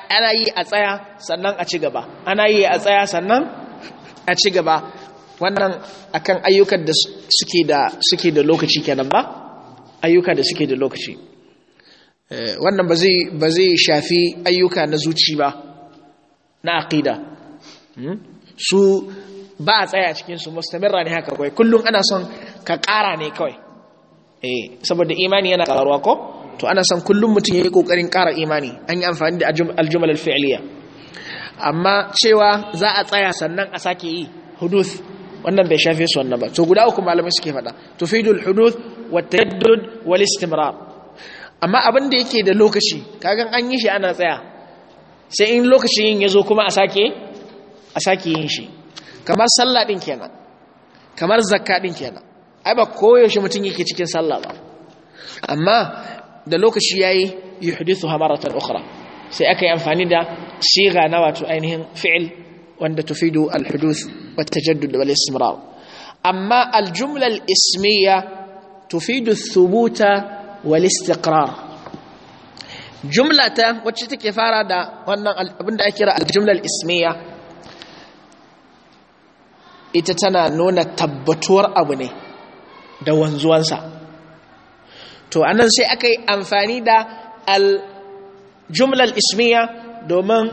ana yi a tsaya sannan a ci ana yi a tsaya sannan a cigaba. wannan akan ayyukan da suke da suke da lokaci kenan ba ayyuka da suke da lokaci eh, wannan ba zai ba zai shafi ayyuka na zuci ba na aqida hmm? su ba a tsaya cikin su mustamirra ne haka kawai kullum ana son ka kara ne kawai eh saboda imani yana karuwa ko to ana san kullum mutum ya yi kokarin ƙara imani an yi amfani da aljumal alfi'liya amma cewa za a tsaya sannan a sake yi huduth wannan bai shafe su wannan ba to guda uku malamai suke faɗa fidul huduth wa tadaddud wal istimrar amma abin da yake da lokaci kagan an yi shi ana tsaya sai in lokacin yin yazo kuma a sake a sake yin shi kamar sallah din kenan kamar zakka din kenan ai ba koyaushe mutum yake cikin sallah ba amma da lokaci yayi yuhdithuha maratan ukhra sai aka yi amfani da siga na wato ainihin fi'il wanda tufidu al-huduth wa tajaddud wal istimrar amma aljumla al'ismiyya al-ismiyya tufidu ath-thubuta wal istiqrar ta wacce take fara da wannan abinda ake kira Aljumla ismiya ita tana nuna tabbatuwar abu ne da wanzuwansa to anan sai aka yi amfani da al ismiya domin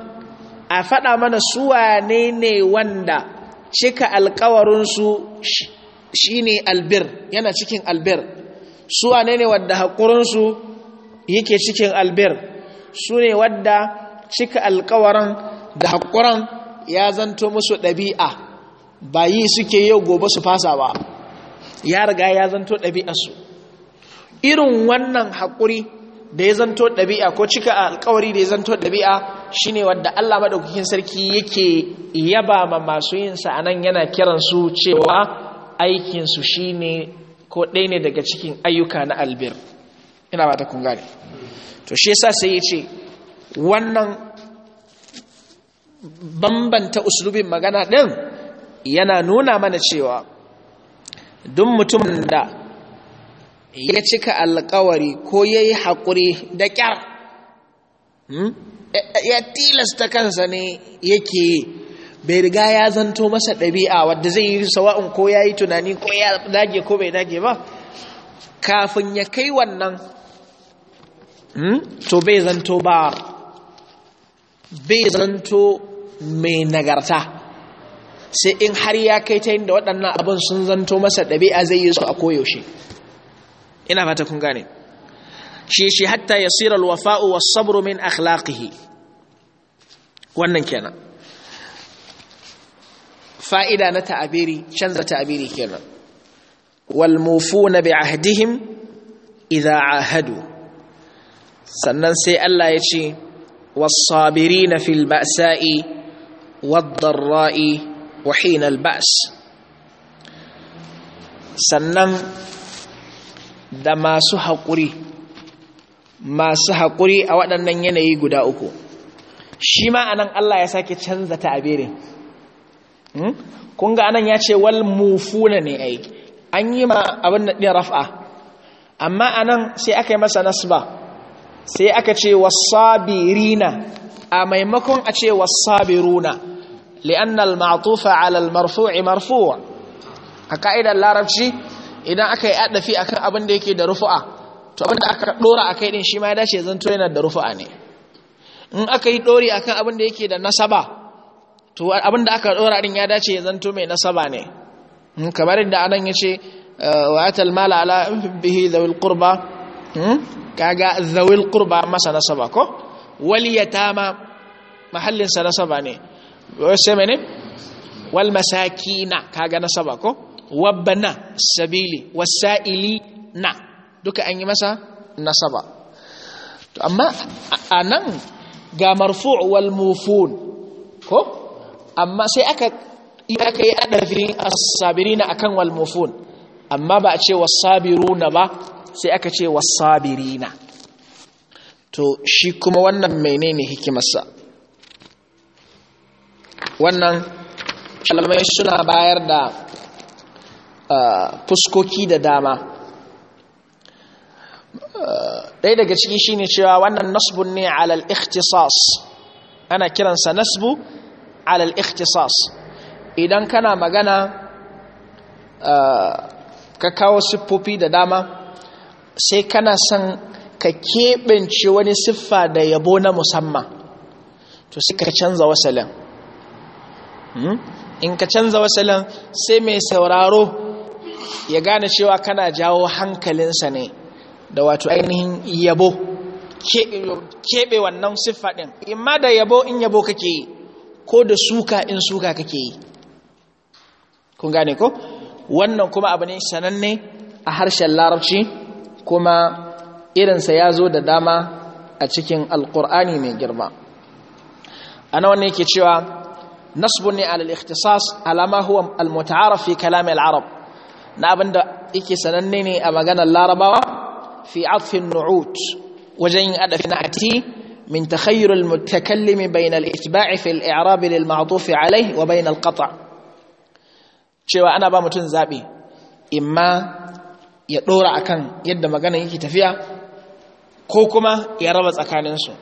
a faɗa mana su ne ne wanda cika alkawarinsu shi ne albir yana cikin albir suwa ne ne wadda haƙurinsu yake cikin albir su ne wadda cika alkawarin da haƙurin ya zanto musu ɗabi'a bayi suke yau gobe su fasa ba ya riga ya zanto su. irin wannan haƙuri da ya zanto ɗabi'a ko cika alƙawari da ya zanto ɗabi'a shine wadda Allah madaukakin sarki yake yaba ma masu yin sa anan yana kiran su cewa aikinsu su shine ko ɗaya ne daga cikin ayyuka na albir ina ba ta kun gane to shi yasa sai ya ce wannan bambanta uslubin magana ɗin yana nuna mana cewa duk mutumin da ya cika alkawari ko ya yi haƙuri da ƙyar hmm? ya tilasta kansa ne yake bai riga ya zanto masa ɗabi'a wadda zai yi sawa'un ko ya yi tunani ko ya dage ko bai dage ba kafin ya kai wannan hmm, to bai zanto ba bai zanto mai nagarta sai in har ya kai ta yin da waɗannan abin sun zanto masa ɗabi'a zai yi su a koyaushe ina fata kun gane shi shi hatta yasira alwafa'u was-sabru min akhlaqihi wannan kenan fa'ida na ta'abiri canza ta'abiri kenan wal mufuna bi ahdihim idza ahadu sannan sai Allah ya ce was-sabirina fil ba'sa'i wad-dharra'i wa hina al-ba's sannan da masu haƙuri masu haƙuri a waɗannan yanayi guda uku shi ma anan Allah ya sake canza ta'abirin kunga hmm? Kunga anan ya ce wal mufuna ne ai an yi ma abin da ɗin raf'a amma anan sai aka yi masa nasba sai aka ce wasabirina a maimakon a ce wasabiruna li'annal matufa 'ala al-marfu'i marfu' a ka'idar larabci idan aka yi adafi akan abin da yake da rufu'a to abin da aka dora akai din shi ma ya dace zanto yana da rufu'a ne in aka yi dori akan abin da yake da nasaba to abin da aka dora din ya dace zanto mai nasaba ne hmm, kamar yadda anan yace eh, wa atal mala ala bihi zawil qurba hmm, kaga zawil qurba masa nasaba ko wal yatama mahallin sa nasaba ne sai mene wal masakina kaga nasaba ko wabbana sabili wasa'ili na duka an yi masa nasaba to amma a nan ga marfu' wal mufun ko amma sai aka aka yi adafin as-sabirina akan wal mufun amma ba a ce was-sabiruna ba sai aka ce was-sabirina to shi kuma wannan menene hikimarsa wannan shalamai suna bayar da fuskoki da dama ɗaya daga ciki shi ne cewa wannan nasbun ne alal ikhtisas ana kiransa nasbu alal ikhtisas idan kana magana ka kawo siffofi da dama sai kana son ka keɓance wani siffa da yabo na musamman to sai ka canza wasalin hmm? in ka canza wasalin sai mai sauraro ya gane cewa kana jawo hankalinsa ne da wato ainihin yabo keɓe wannan siffa ɗin imma da yabo in yabo kake yi ko da suka in suka kake yi kun gane ko wannan kuma abu ne sananne a harshen larabci kuma irinsa ya zo da dama a cikin alkur'ani mai girma ana wannan yake cewa nasbun ne alal ikhtisas alama huwa al-muta'arraf fi arab na abinda yake sananne ne a maganar larabawa fi afin nu'ut wajen yin adafi na ati min takhayyur al-mutakallimi bayna al-itba'i fi al-i'rab lil wa bayna al-qata' cewa ana ba mutum zabi imma ya a akan yadda magana yake tafiya ko kuma ya raba tsakaninsu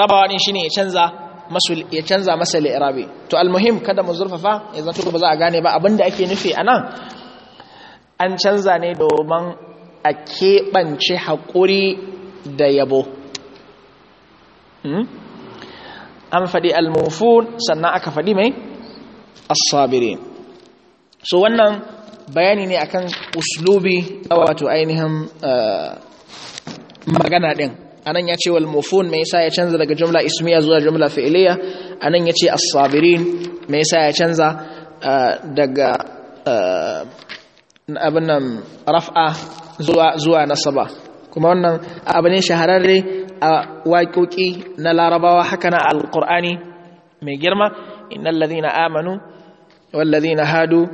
rabawa ne shine ya canza ya canza masa li'irabi to almuhim kada mu zurfafa ya zanto ba za a gane ba abinda ake nufi anan an canza ne domin a keɓance haƙuri da yabo hmm? an faɗi almufun sannan aka faɗi mai asabiri so wannan bayani ne akan uslubi wato ainihin eh, magana ɗin anan ya ce walmufun mai sa ya canza daga jumla ismiya zuwa jumla a anan ya ce asabirin mai sa ya canza eh, daga eh, abin nan raf'a zuwa zuwa nasaba kuma wannan abu ne shahararre a waƙoƙi na larabawa haka na alƙur'ani mai girma innal ladina amanu wal hadu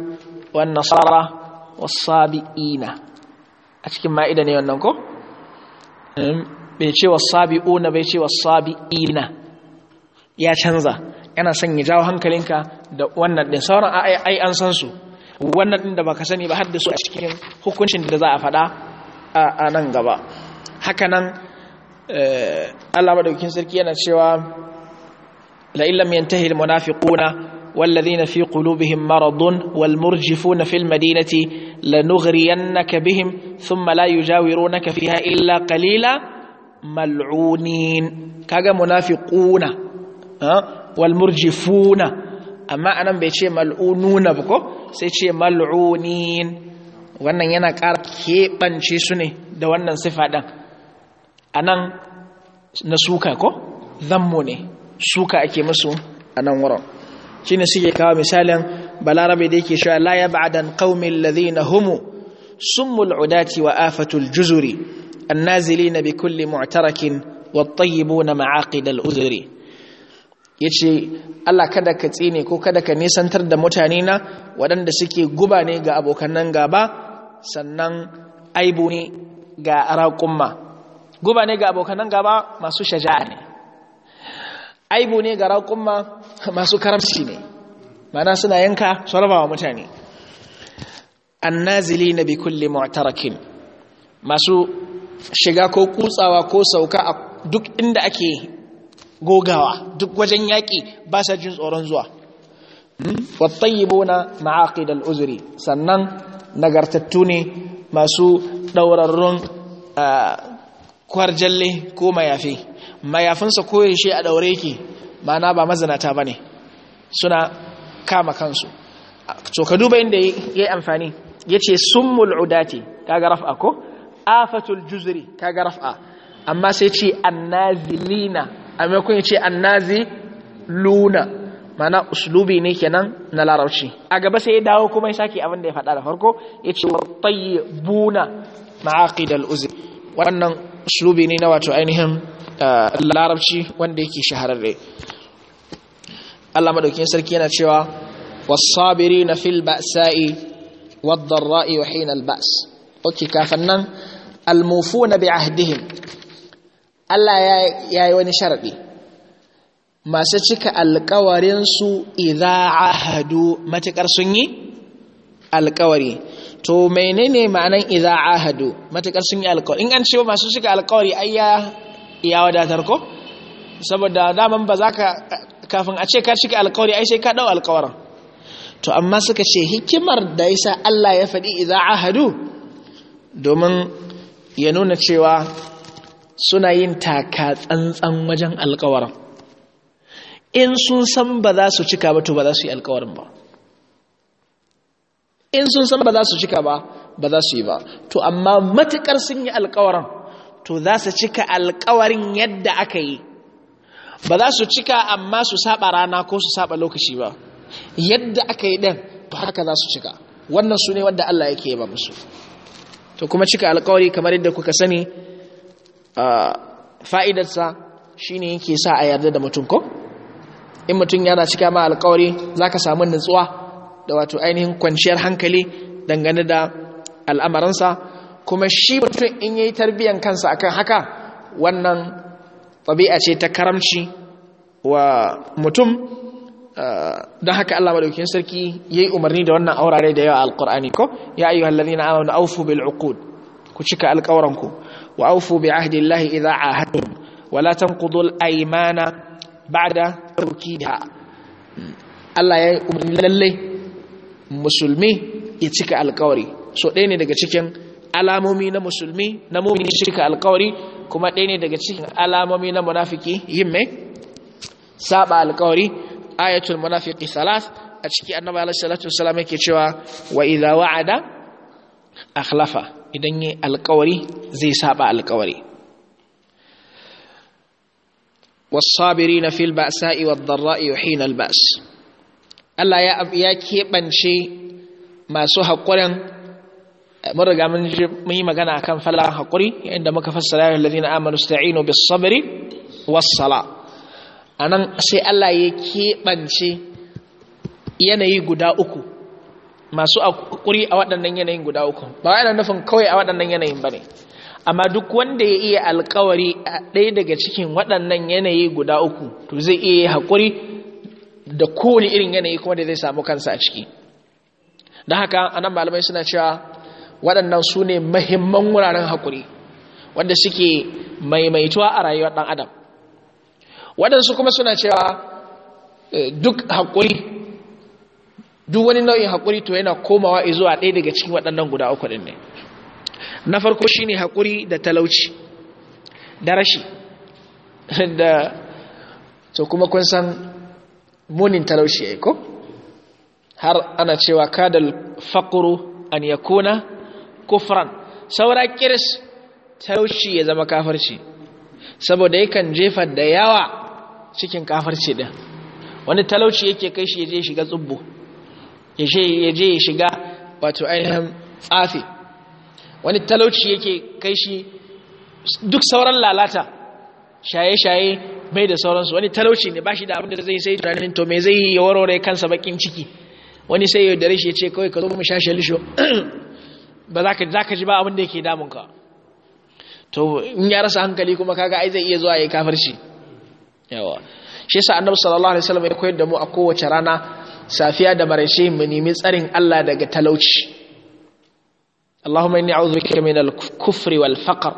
wan nasara was sabiina a cikin ma'ida ne wannan ko hmm, bai ce was sabiuna bai ce was sabiina ya canza yana son ya jawo hankalinka da wannan din sauran ai an san su wannan da baka sani ba haddasu a cikin hukuncin da za a faɗa. a nan gaba hakanan eh, allama da hukun sarki yana cewa la'ilam yantahi munafiquna wallazina fi qulubihim maradun wal murjifuna fil madinati lanughriyannaka bihim thumma la yujawirunaka fiha illa qalila mal'unin kaga munafiquna wal murjifuna amma anan bai ce mal'ununa ba ko sai ce mal'unin wannan yana ƙara keɓance su ne da wannan sifa ɗin a nan na suka ko zammo ne suka ake musu a nan wurin shi ne suke kawo misalin balarabe da yake sha la ya ba'adan qaumin ladhina humu summul udati wa afatul juzuri annazilina bi kulli mu'tarakin wat tayyibuna ma'aqid al uzuri ya ce Allah kada ka tsine ko kada ka nisantar da mutane na waɗanda suke guba ne ga abokan nan gaba sannan aibu ne ga raƙumma guba ne ga abokan nan gaba masu shaja'a ne aibu ne ga raƙumma masu karamci ne mana suna yanka su wa mutane nazili na bi kulle ma'atarakin masu shiga ko kutsawa ko sauka a duk inda ake gogawa duk wajen yaƙi ba sa jin tsoron zuwa hmm? na ma'aqidal uzuri sannan nagartattu ne masu ɗaurarrun kwarjalle ko mayafi mayafinsa koyaushe a ɗaure yake mana ba mazinata ba ne suna kama kansu to ka duba inda ya yi amfani ya ce sun mul'udati kaga raf'a ko afatul juzri kaga raf'a amma sai ce annazilina a maimakon ya ce annazi luna mana uslubi ne kenan na larabci a gaba sai ya dawo kuma ya sake abin da ya faɗa da farko ya ce wa tayyibuna ma'aqidal uzri wannan uslubi ne na wato ainihin eh, larabci wanda yake shahararre Allah madaukakin sarki yana cewa was-sabirina fil ba'sa'i wad-dharra'i wa hinal al-ba's kafin nan almufuna bi ahdihim Allah ya yi wani sharaɗi masu cika alkawarinsu idha ahadu matuƙar sun yi alkawari to menene ma'anan idza ahadu matakar sun yi alkawari in an ce masu cika alkawari ayya ya wadatar ko saboda dama ba za ka kafin a ce ka cika alkawari ai sai ka dau alkawarin to amma suka ce hikimar da yasa Allah ya faɗi idza ahadu domin ya nuna cewa suna yin taka tsantsan wajen alkawarin in sun san ba za su cika ba to ba za su yi alkawarin ba in sun san ba za su cika ba ba za su yi ba to amma matukar sun yi alkawarin to za su cika alkawarin yadda aka yi ba za su cika amma su saba rana ko su saba lokaci ba yadda aka yi ɗin to haka za su cika wannan su ne wadda Allah yake ba musu to kuma cika alkawari kamar yadda kuka sani fa'idarsa shine yake sa a yarda da mutum ko in mutum yana cika ma alkawari za ka samu nutsuwa da wato ainihin kwanciyar hankali dangane da al'amaransa kuma shi mutum in yayi tarbiyyar kansa akan haka wannan tabi'a ce ta karamci wa mutum don haka Allah madaukakin sarki yayi umarni da wannan aurare da yawa alqur'ani ko ya ayyuhallazina amanu awfu bil bil'ukud ku cika alƙawaranku وأوفوا بعهد الله إذا عاهدتم ولا تنقضوا الأيمان بعد توكيدها Allah ya yi umarni lalle musulmi ya cika alkawari so ɗaya ne daga cikin alamomi na musulmi na mumini cika alkawari kuma ɗaya ne daga cikin alamomi na munafiki yin mai saba alkawari ayatul munafiki salas a ciki annabi alaihi salatu wasallam yake cewa wa idza wa'ada akhlafa idan ya alkawari zai saba alkawari wasabiri na fil ba'sa'i wa dharra'i wa albas Allah ya keɓance masu haƙurin eh, mun riga mun yi magana akan falalan haƙuri inda muka fassara ya lalazina amanu sta'inu bis sabiri was sala anan sai Allah ya keɓance yanayi guda uku masu akuri a waɗannan yanayin guda uku ba wa yana nufin kawai a waɗannan yanayin ba ne amma duk wanda ya iya alkawari a ɗaya daga cikin waɗannan yanayi guda uku to zai iya hakuri da kowane irin yanayi kuma da zai samu kansa a ciki don haka anan malamai suna cewa waɗannan su ne mahimman wuraren hakuri wanda suke maimaituwa a rayuwar ɗan adam waɗansu kuma suna cewa eh, duk hakuri duk wani nau'in hakuri to yana komawa zuwa ɗaya daga cikin waɗannan guda uku ɗin ne na farko shi ne haƙuri da talauci da rashi da to kuma kun san munin talauci ya ko har ana cewa kadal faƙuru an ya kuna kufran saura kiris talauci ya zama kafarci saboda yakan jefa da yawa cikin kafarci ɗin wani talauci yake kai shi ya je shiga tsubbo ya je ya shiga wato ainihin tsafi wani talauci yake kai shi duk sauran lalata shaye-shaye bai da sauransu wani talauci ne ba shi da abin da zai sai tunanin to mai zai yi warware kansa bakin ciki wani sai yau dare shi ya ce kawai ka zo mu sha shalisho ba za ka ji ba da yake damunka to in ya rasa hankali kuma kaga ai zai iya zuwa ya kafarci yawa shi yasa annabi sallallahu alaihi wasallam ya koyar da mu a kowace rana safiya da marashi mu nemi tsarin Allah daga talauci Allahumma inni a'udhu bika min al-kufri wal faqr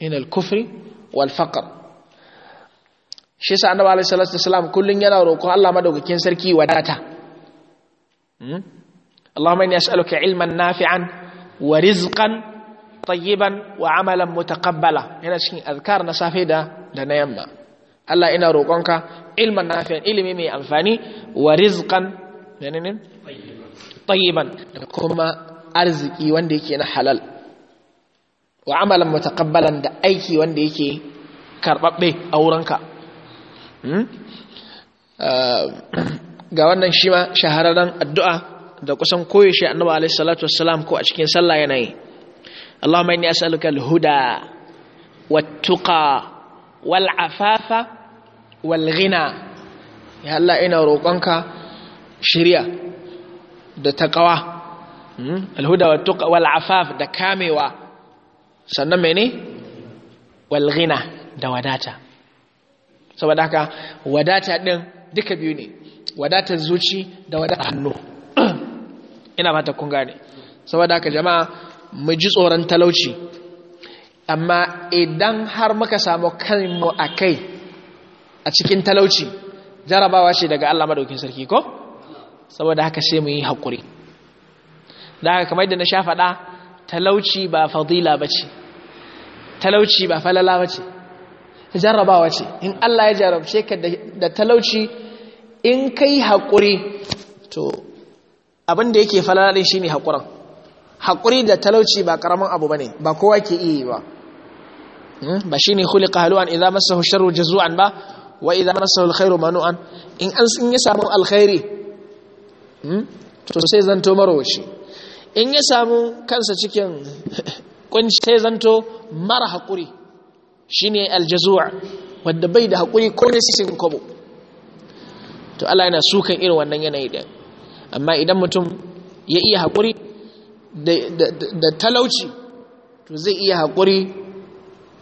min al-kufri wal faqr shi sa annabi alaihi salatu wasalam kullun yana roƙo, Allah madaukakin sarki wadata hmm? Allahumma inni as'aluka ilman nafi'an wa rizqan tayyiban wa amalan mutaqabbala yana cikin azkar na safe da da na yamma Allah ina roƙonka ilman nafi'an ilimi mai amfani wa rizqan menene tayyiban da kuma arziki wanda yake na halal wa amalan mutaqabbalan da aiki wanda yake karbabbe a wurinka hmm? ah, ga wannan shi ma shahararren addu'a da kusan koyaushe annabi alaihi salatu wassalam ko a cikin sallah yana yi Allahumma inni as'aluka al-huda wat-tuqa Walafafa afafa ya Allah ina roƙonka shirya da taqwa hmm, alhuda wat taqwa wal da kamewa sannan mene wal ghina da wadata saboda haka wadata ɗin duka biyu ne wadatar zuci da wadatar hannu ina fata kun gane saboda haka jama'a mu ji tsoron talauci amma idan har muka samu kalmo a kai a cikin talauci jarabawa ce daga Allah madaukin sarki ko saboda haka sai mu yi haƙuri da haka kamar da na sha faɗa talauci ba fadila ba ce talauci ba falala ba ce jarrabawa ce in Allah ya jarabce ka da talauci in kai haƙuri to abin yake falala ɗin shi ne haƙuran haƙuri da talauci ba ƙaramin abu ba ne ba kowa ke iya yi ba Hmm? ba shi ne shine khuliqa idan masa hushar sharru zuwan ba wa idan masa alkhairu manuan in an sun ya samu alkhairi hmm? to sai zanto marwashi in ya samu kansa cikin kunci sai zanto mara haƙuri, shi ne aljazuwa. Wadda bai da haƙuri ko ne sisin kobo to Allah yana sukan irin wannan yanayi din amma idan mutum ya iya haƙuri da talauci to zai iya haƙuri.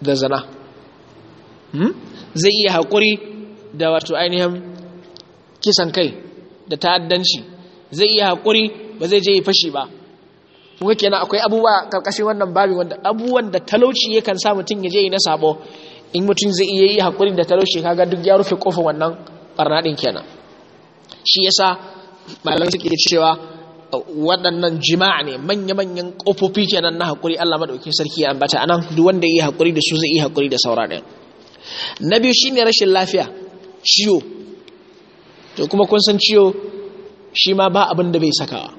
da zana hmm? zai iya haƙuri da wato ainihin kisan kai da ta'addanci zai iya haƙuri ba zai je yi fashi ba kuma kenan akwai abubuwa karkashin wannan babin wanda abubuwan da talauci yakan sa mutum ya je yi na sabo in mutum zai iya yi haƙuri da talauci kaga duk ya rufe kofar wannan barna kenan shi yasa malamai suke cewa waɗannan jima'a ne manya-manyan ƙofofi kenan na haƙuri Allah maɗaukin sarki ya ambata anan duk wanda ya yi haƙuri da su zai yi haƙuri da saura ɗaya na biyu shi ne rashin lafiya ciwo to kuma kun san ciwo shi ma ba abin da bai sakawa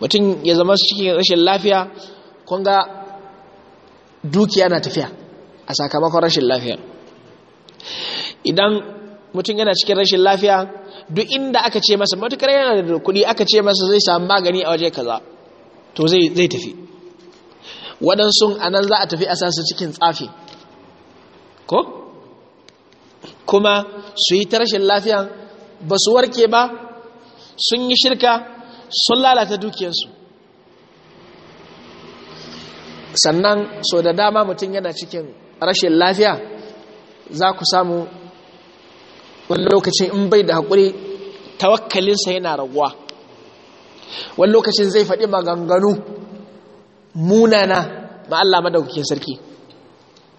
mutum ya zama su cikin rashin lafiya kun ga dukiya na tafiya a sakamakon rashin lafiya idan mutum yana cikin rashin lafiya duk inda aka ce masa matukar yana da kuɗi aka ce masa zai samu magani a waje kaza to zai tafi waɗansu a nan za a tafi a sasu cikin tsafi ko kuma su yi ta rashin lafiya ba su warke ba sun yi shirka sun lalata dukiyarsu sannan so da dama mutum yana cikin rashin lafiya za ku samu wani lokacin in bai da haƙuri tawakkalinsa yana raguwa wani lokacin zai faɗi maganganu munana ma Allah madaukakin sarki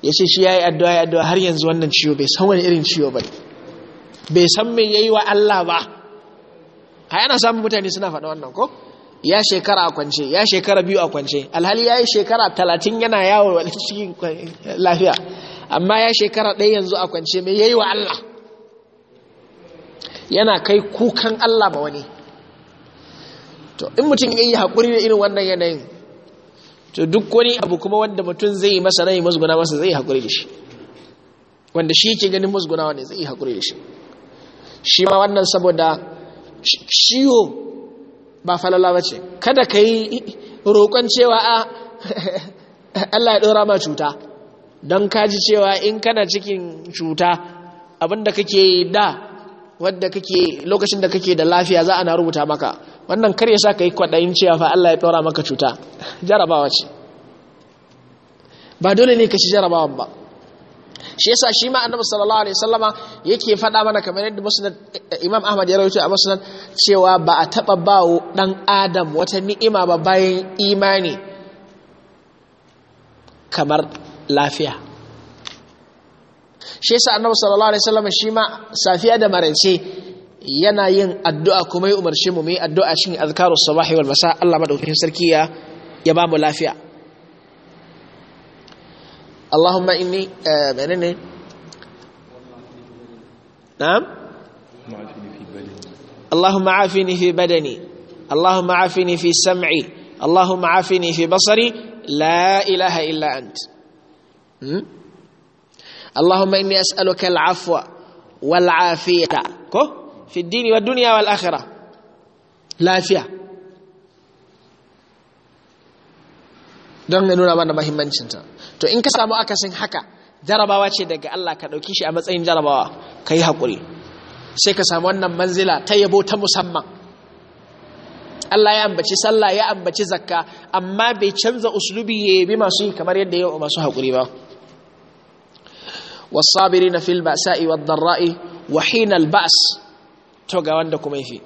ya ce shi ya yi addu'a ya addu'a har yanzu wannan ciwo bai san wani irin ciwo ba bai san mai ya yi wa Allah ba a yana samun mutane suna faɗa wannan ko ya shekara a kwance ya shekara biyu a kwance alhali ya yi shekara talatin yana yawo wani cikin lafiya amma ya shekara ɗaya yanzu a kwance mai ya yi wa Allah yana kai kukan Allah ba wani to in mutum ya yi hakuri da irin wannan yanayin to duk wani abu kuma wanda mutum zai yi masa rai musguna masa zai hakuri da shi wanda shi ke ganin musguna wanda zai yi da shi shi ma wannan saboda shiyo ba falala ba ce kada ka yi roƙon cewa a ah, Allah ya ɗora ma cuta don kaji cewa in kana cikin cuta abinda kake da wadda kake lokacin da kake da lafiya za a na rubuta maka wannan kar ya sa ka yi kwaɗayin cewa fa Allah ya ɗora maka cuta jarabawa ce ba dole ne ka ci jarabawan ba shi yasa shi ma annabi sallallahu alaihi wasallama yake faɗa mana kamar yadda musnad imam ahmad ya rawaito a musnad cewa ba a taɓa ba dan adam wata ni'ima ba bayan imani kamar lafiya shi yasa annabi sallallahu alaihi wasallam shi ma safiya da maraice yana yin addu'a kuma ya umarci mu mu yi addu'a cikin azkaru sabahi wal masa Allah madaukakin sarki ya ya ba mu lafiya Allahumma inni eh, menene na'am Allahumma afini fi badani Allahumma afini fi sam'i Allahumma afini fi basari la ilaha illa ant hmm? Allahumma inni أسألك العفو والعافية في ko والدنيا والآخرة wa فيا don nuna mana mahimmancinta to in ka samu akasin haka jarabawa ce daga Allah ka ɗauki shi a matsayin jarabawa ka yi haƙuri sai ka samu wannan manzila ta yabo ta musamman Allah ya ambaci sallah ya ambaci zakka amma bai canza usulubi ya yabi masu yi kamar yadda yau masu haƙuri ba والصابرين في البأساء والضراء وحين البأس توقع وندكم يفي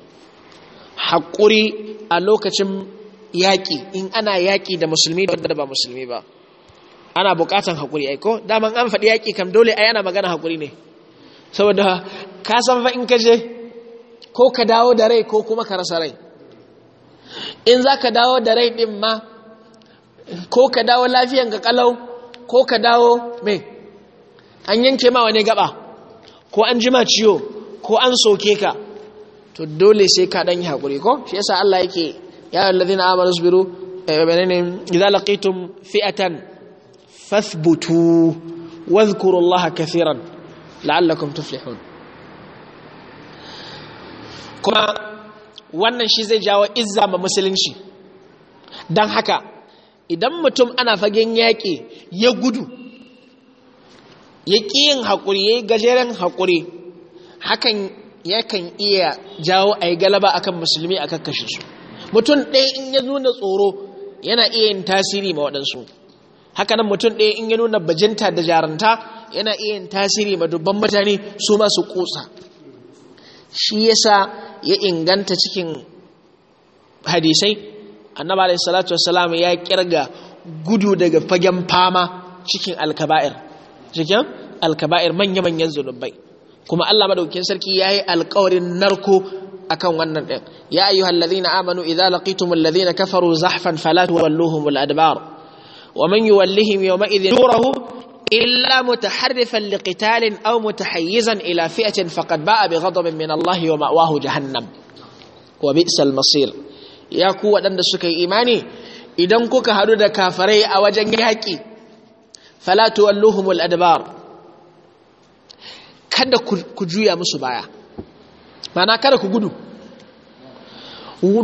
حقوري ألوكة yaƙi in ana yaƙi da musulmi da ba musulmi ba ana buƙatan haƙuri aiko daman an faɗi yaƙi kam dole ai ana magana haƙuri ne saboda ka san fa ka je ko ka dawo da rai ko kuma ka rasa rai in za ka dawo da rai ma ko ka dawo lafiyan ka ƙalau ko ka dawo mai an yanke ma wani gaba ko an jima ciwo ko an soke ka to dole sai ka dan yi hakuri ko shi yasa Allah yake ya alladhina amanu sabiru bayanin eh, idza laqitum fi'atan fathbutu wadhkuru Allah la'allakum tuflihun kuma wannan shi zai jawo izza ma musulunci dan haka idan mutum ana fagen yaƙi ya gudu ya ƙi yin haƙuri ya yi gajeren haƙuri hakan yakan iya jawo a yi galaba a kan musulmi a kakashe su mutum ɗaya in ya nuna tsoro yana iya yin tasiri ma waɗansu hakanan mutum ɗaya in ya nuna bajinta da jaranta yana iya yin tasiri ma dubban mutane su masu kusa shi yasa ya inganta cikin hadisai Annabi alaihi salatu wasalam ya kirga gudu daga fagen fama cikin alkaba'ir cikin alkaba'ir manya-manyan zunubai kuma Allah madaukakin sarki ya yi alƙawarin narko akan wannan din ya ayyuhal na amanu idza laqitumul ladhina kafaru zahfan fala tuwalluhumul adbar wa man yuwallihim yawma idhin durahu illa mutaharrifan liqitalin aw mutahayyizan ila fi'atin faqad ba'a bighadabin min Allah wa ma'wahu jahannam wa bi'sal masir ya ku waɗanda suka yi imani idan kuka haɗu da kafarai a wajen yaƙi fala tuwalluhumul adbar kada ku juya musu baya mana kada ku gudu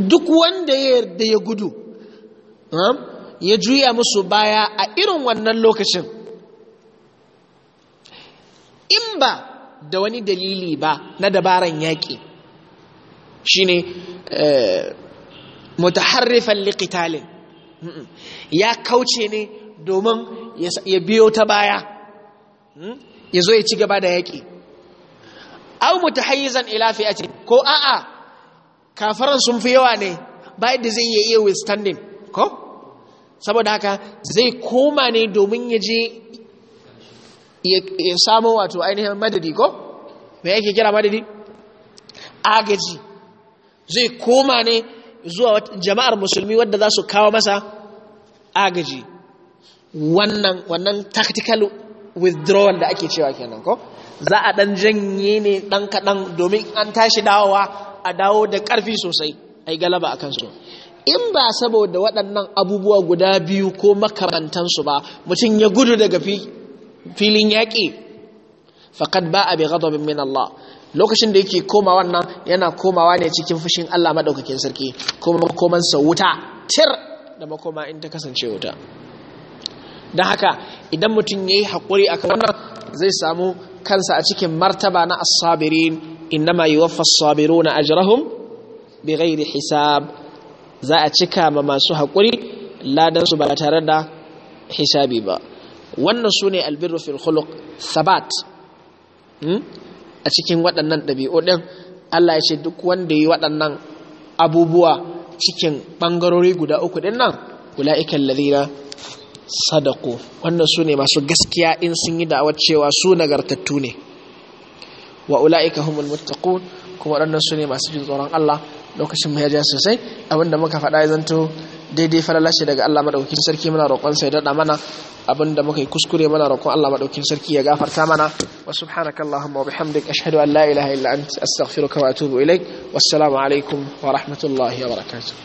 duk wanda ya ya gudu um, ya juya musu baya a irin wannan lokacin in ba da wani dalili ba na dabaran yaƙi shine eh, mutaharrifan likitalin ya kauce ne domin ya biyo ta baya hmm? ya zo ya ci gaba da yaƙi au mutu hayyizan ilafi a ce ko a'a kafaran sun fi yawa ne bayan da zai iya iya withstanding ko saboda haka zai koma ne domin ya je ya samu wato ainihin madadi ko me yake kira madadi agaji zai koma ne zuwa jama'ar musulmi wadda za su kawo masa agaji wannan wannan tactical withdrawal da ake cewa kenan ko za a dan janye ne dan kadan domin an tashi dawowa a dawo da karfi sosai ai galaba akan su in ba saboda waɗannan abubuwa guda biyu ko su ba mutum ya gudu daga filin yaƙi faƙad ba a bi ghadabin min Allah lokacin da yake koma wannan yana komawa ne cikin fushin Allah madaukakin sarki kuma makomansa wuta tir da makoma in ta kasance wuta da haka idan mutum ya yi haƙuri a wannan zai samu kansa a cikin martaba na asabirin ma yi waffa sabiru na ajirahun bi gairi hisab za a cika ma masu haƙuri ladansu ba tare da hisabi ba wannan su ne albirru fil sabat hmm, a cikin waɗannan ɗabi'u ɗin Allah ya ce duk wanda yi waɗannan abubuwa cikin ɓangarori guda uku ɗin nan ula'ikan lalina sadako wannan su ne masu gaskiya in sun yi da'awar cewa su nagartattu ne wa ula'ika humul muttaqun kuma waɗannan su ne masu jin tsoron Allah lokacin mai sosai abinda muka faɗa ya zanto daidai falalashi daga Allah madaukakin sarki muna roƙon sai daɗa mana abinda muka yi kuskure muna roƙon Allah madaukakin sarki ya gafarta mana wa subhanakallahumma wa bihamdik ashhadu an la ilaha illa anta astaghfiruka wa atubu ilaik wassalamu alaikum wa rahmatullahi wa barakatuh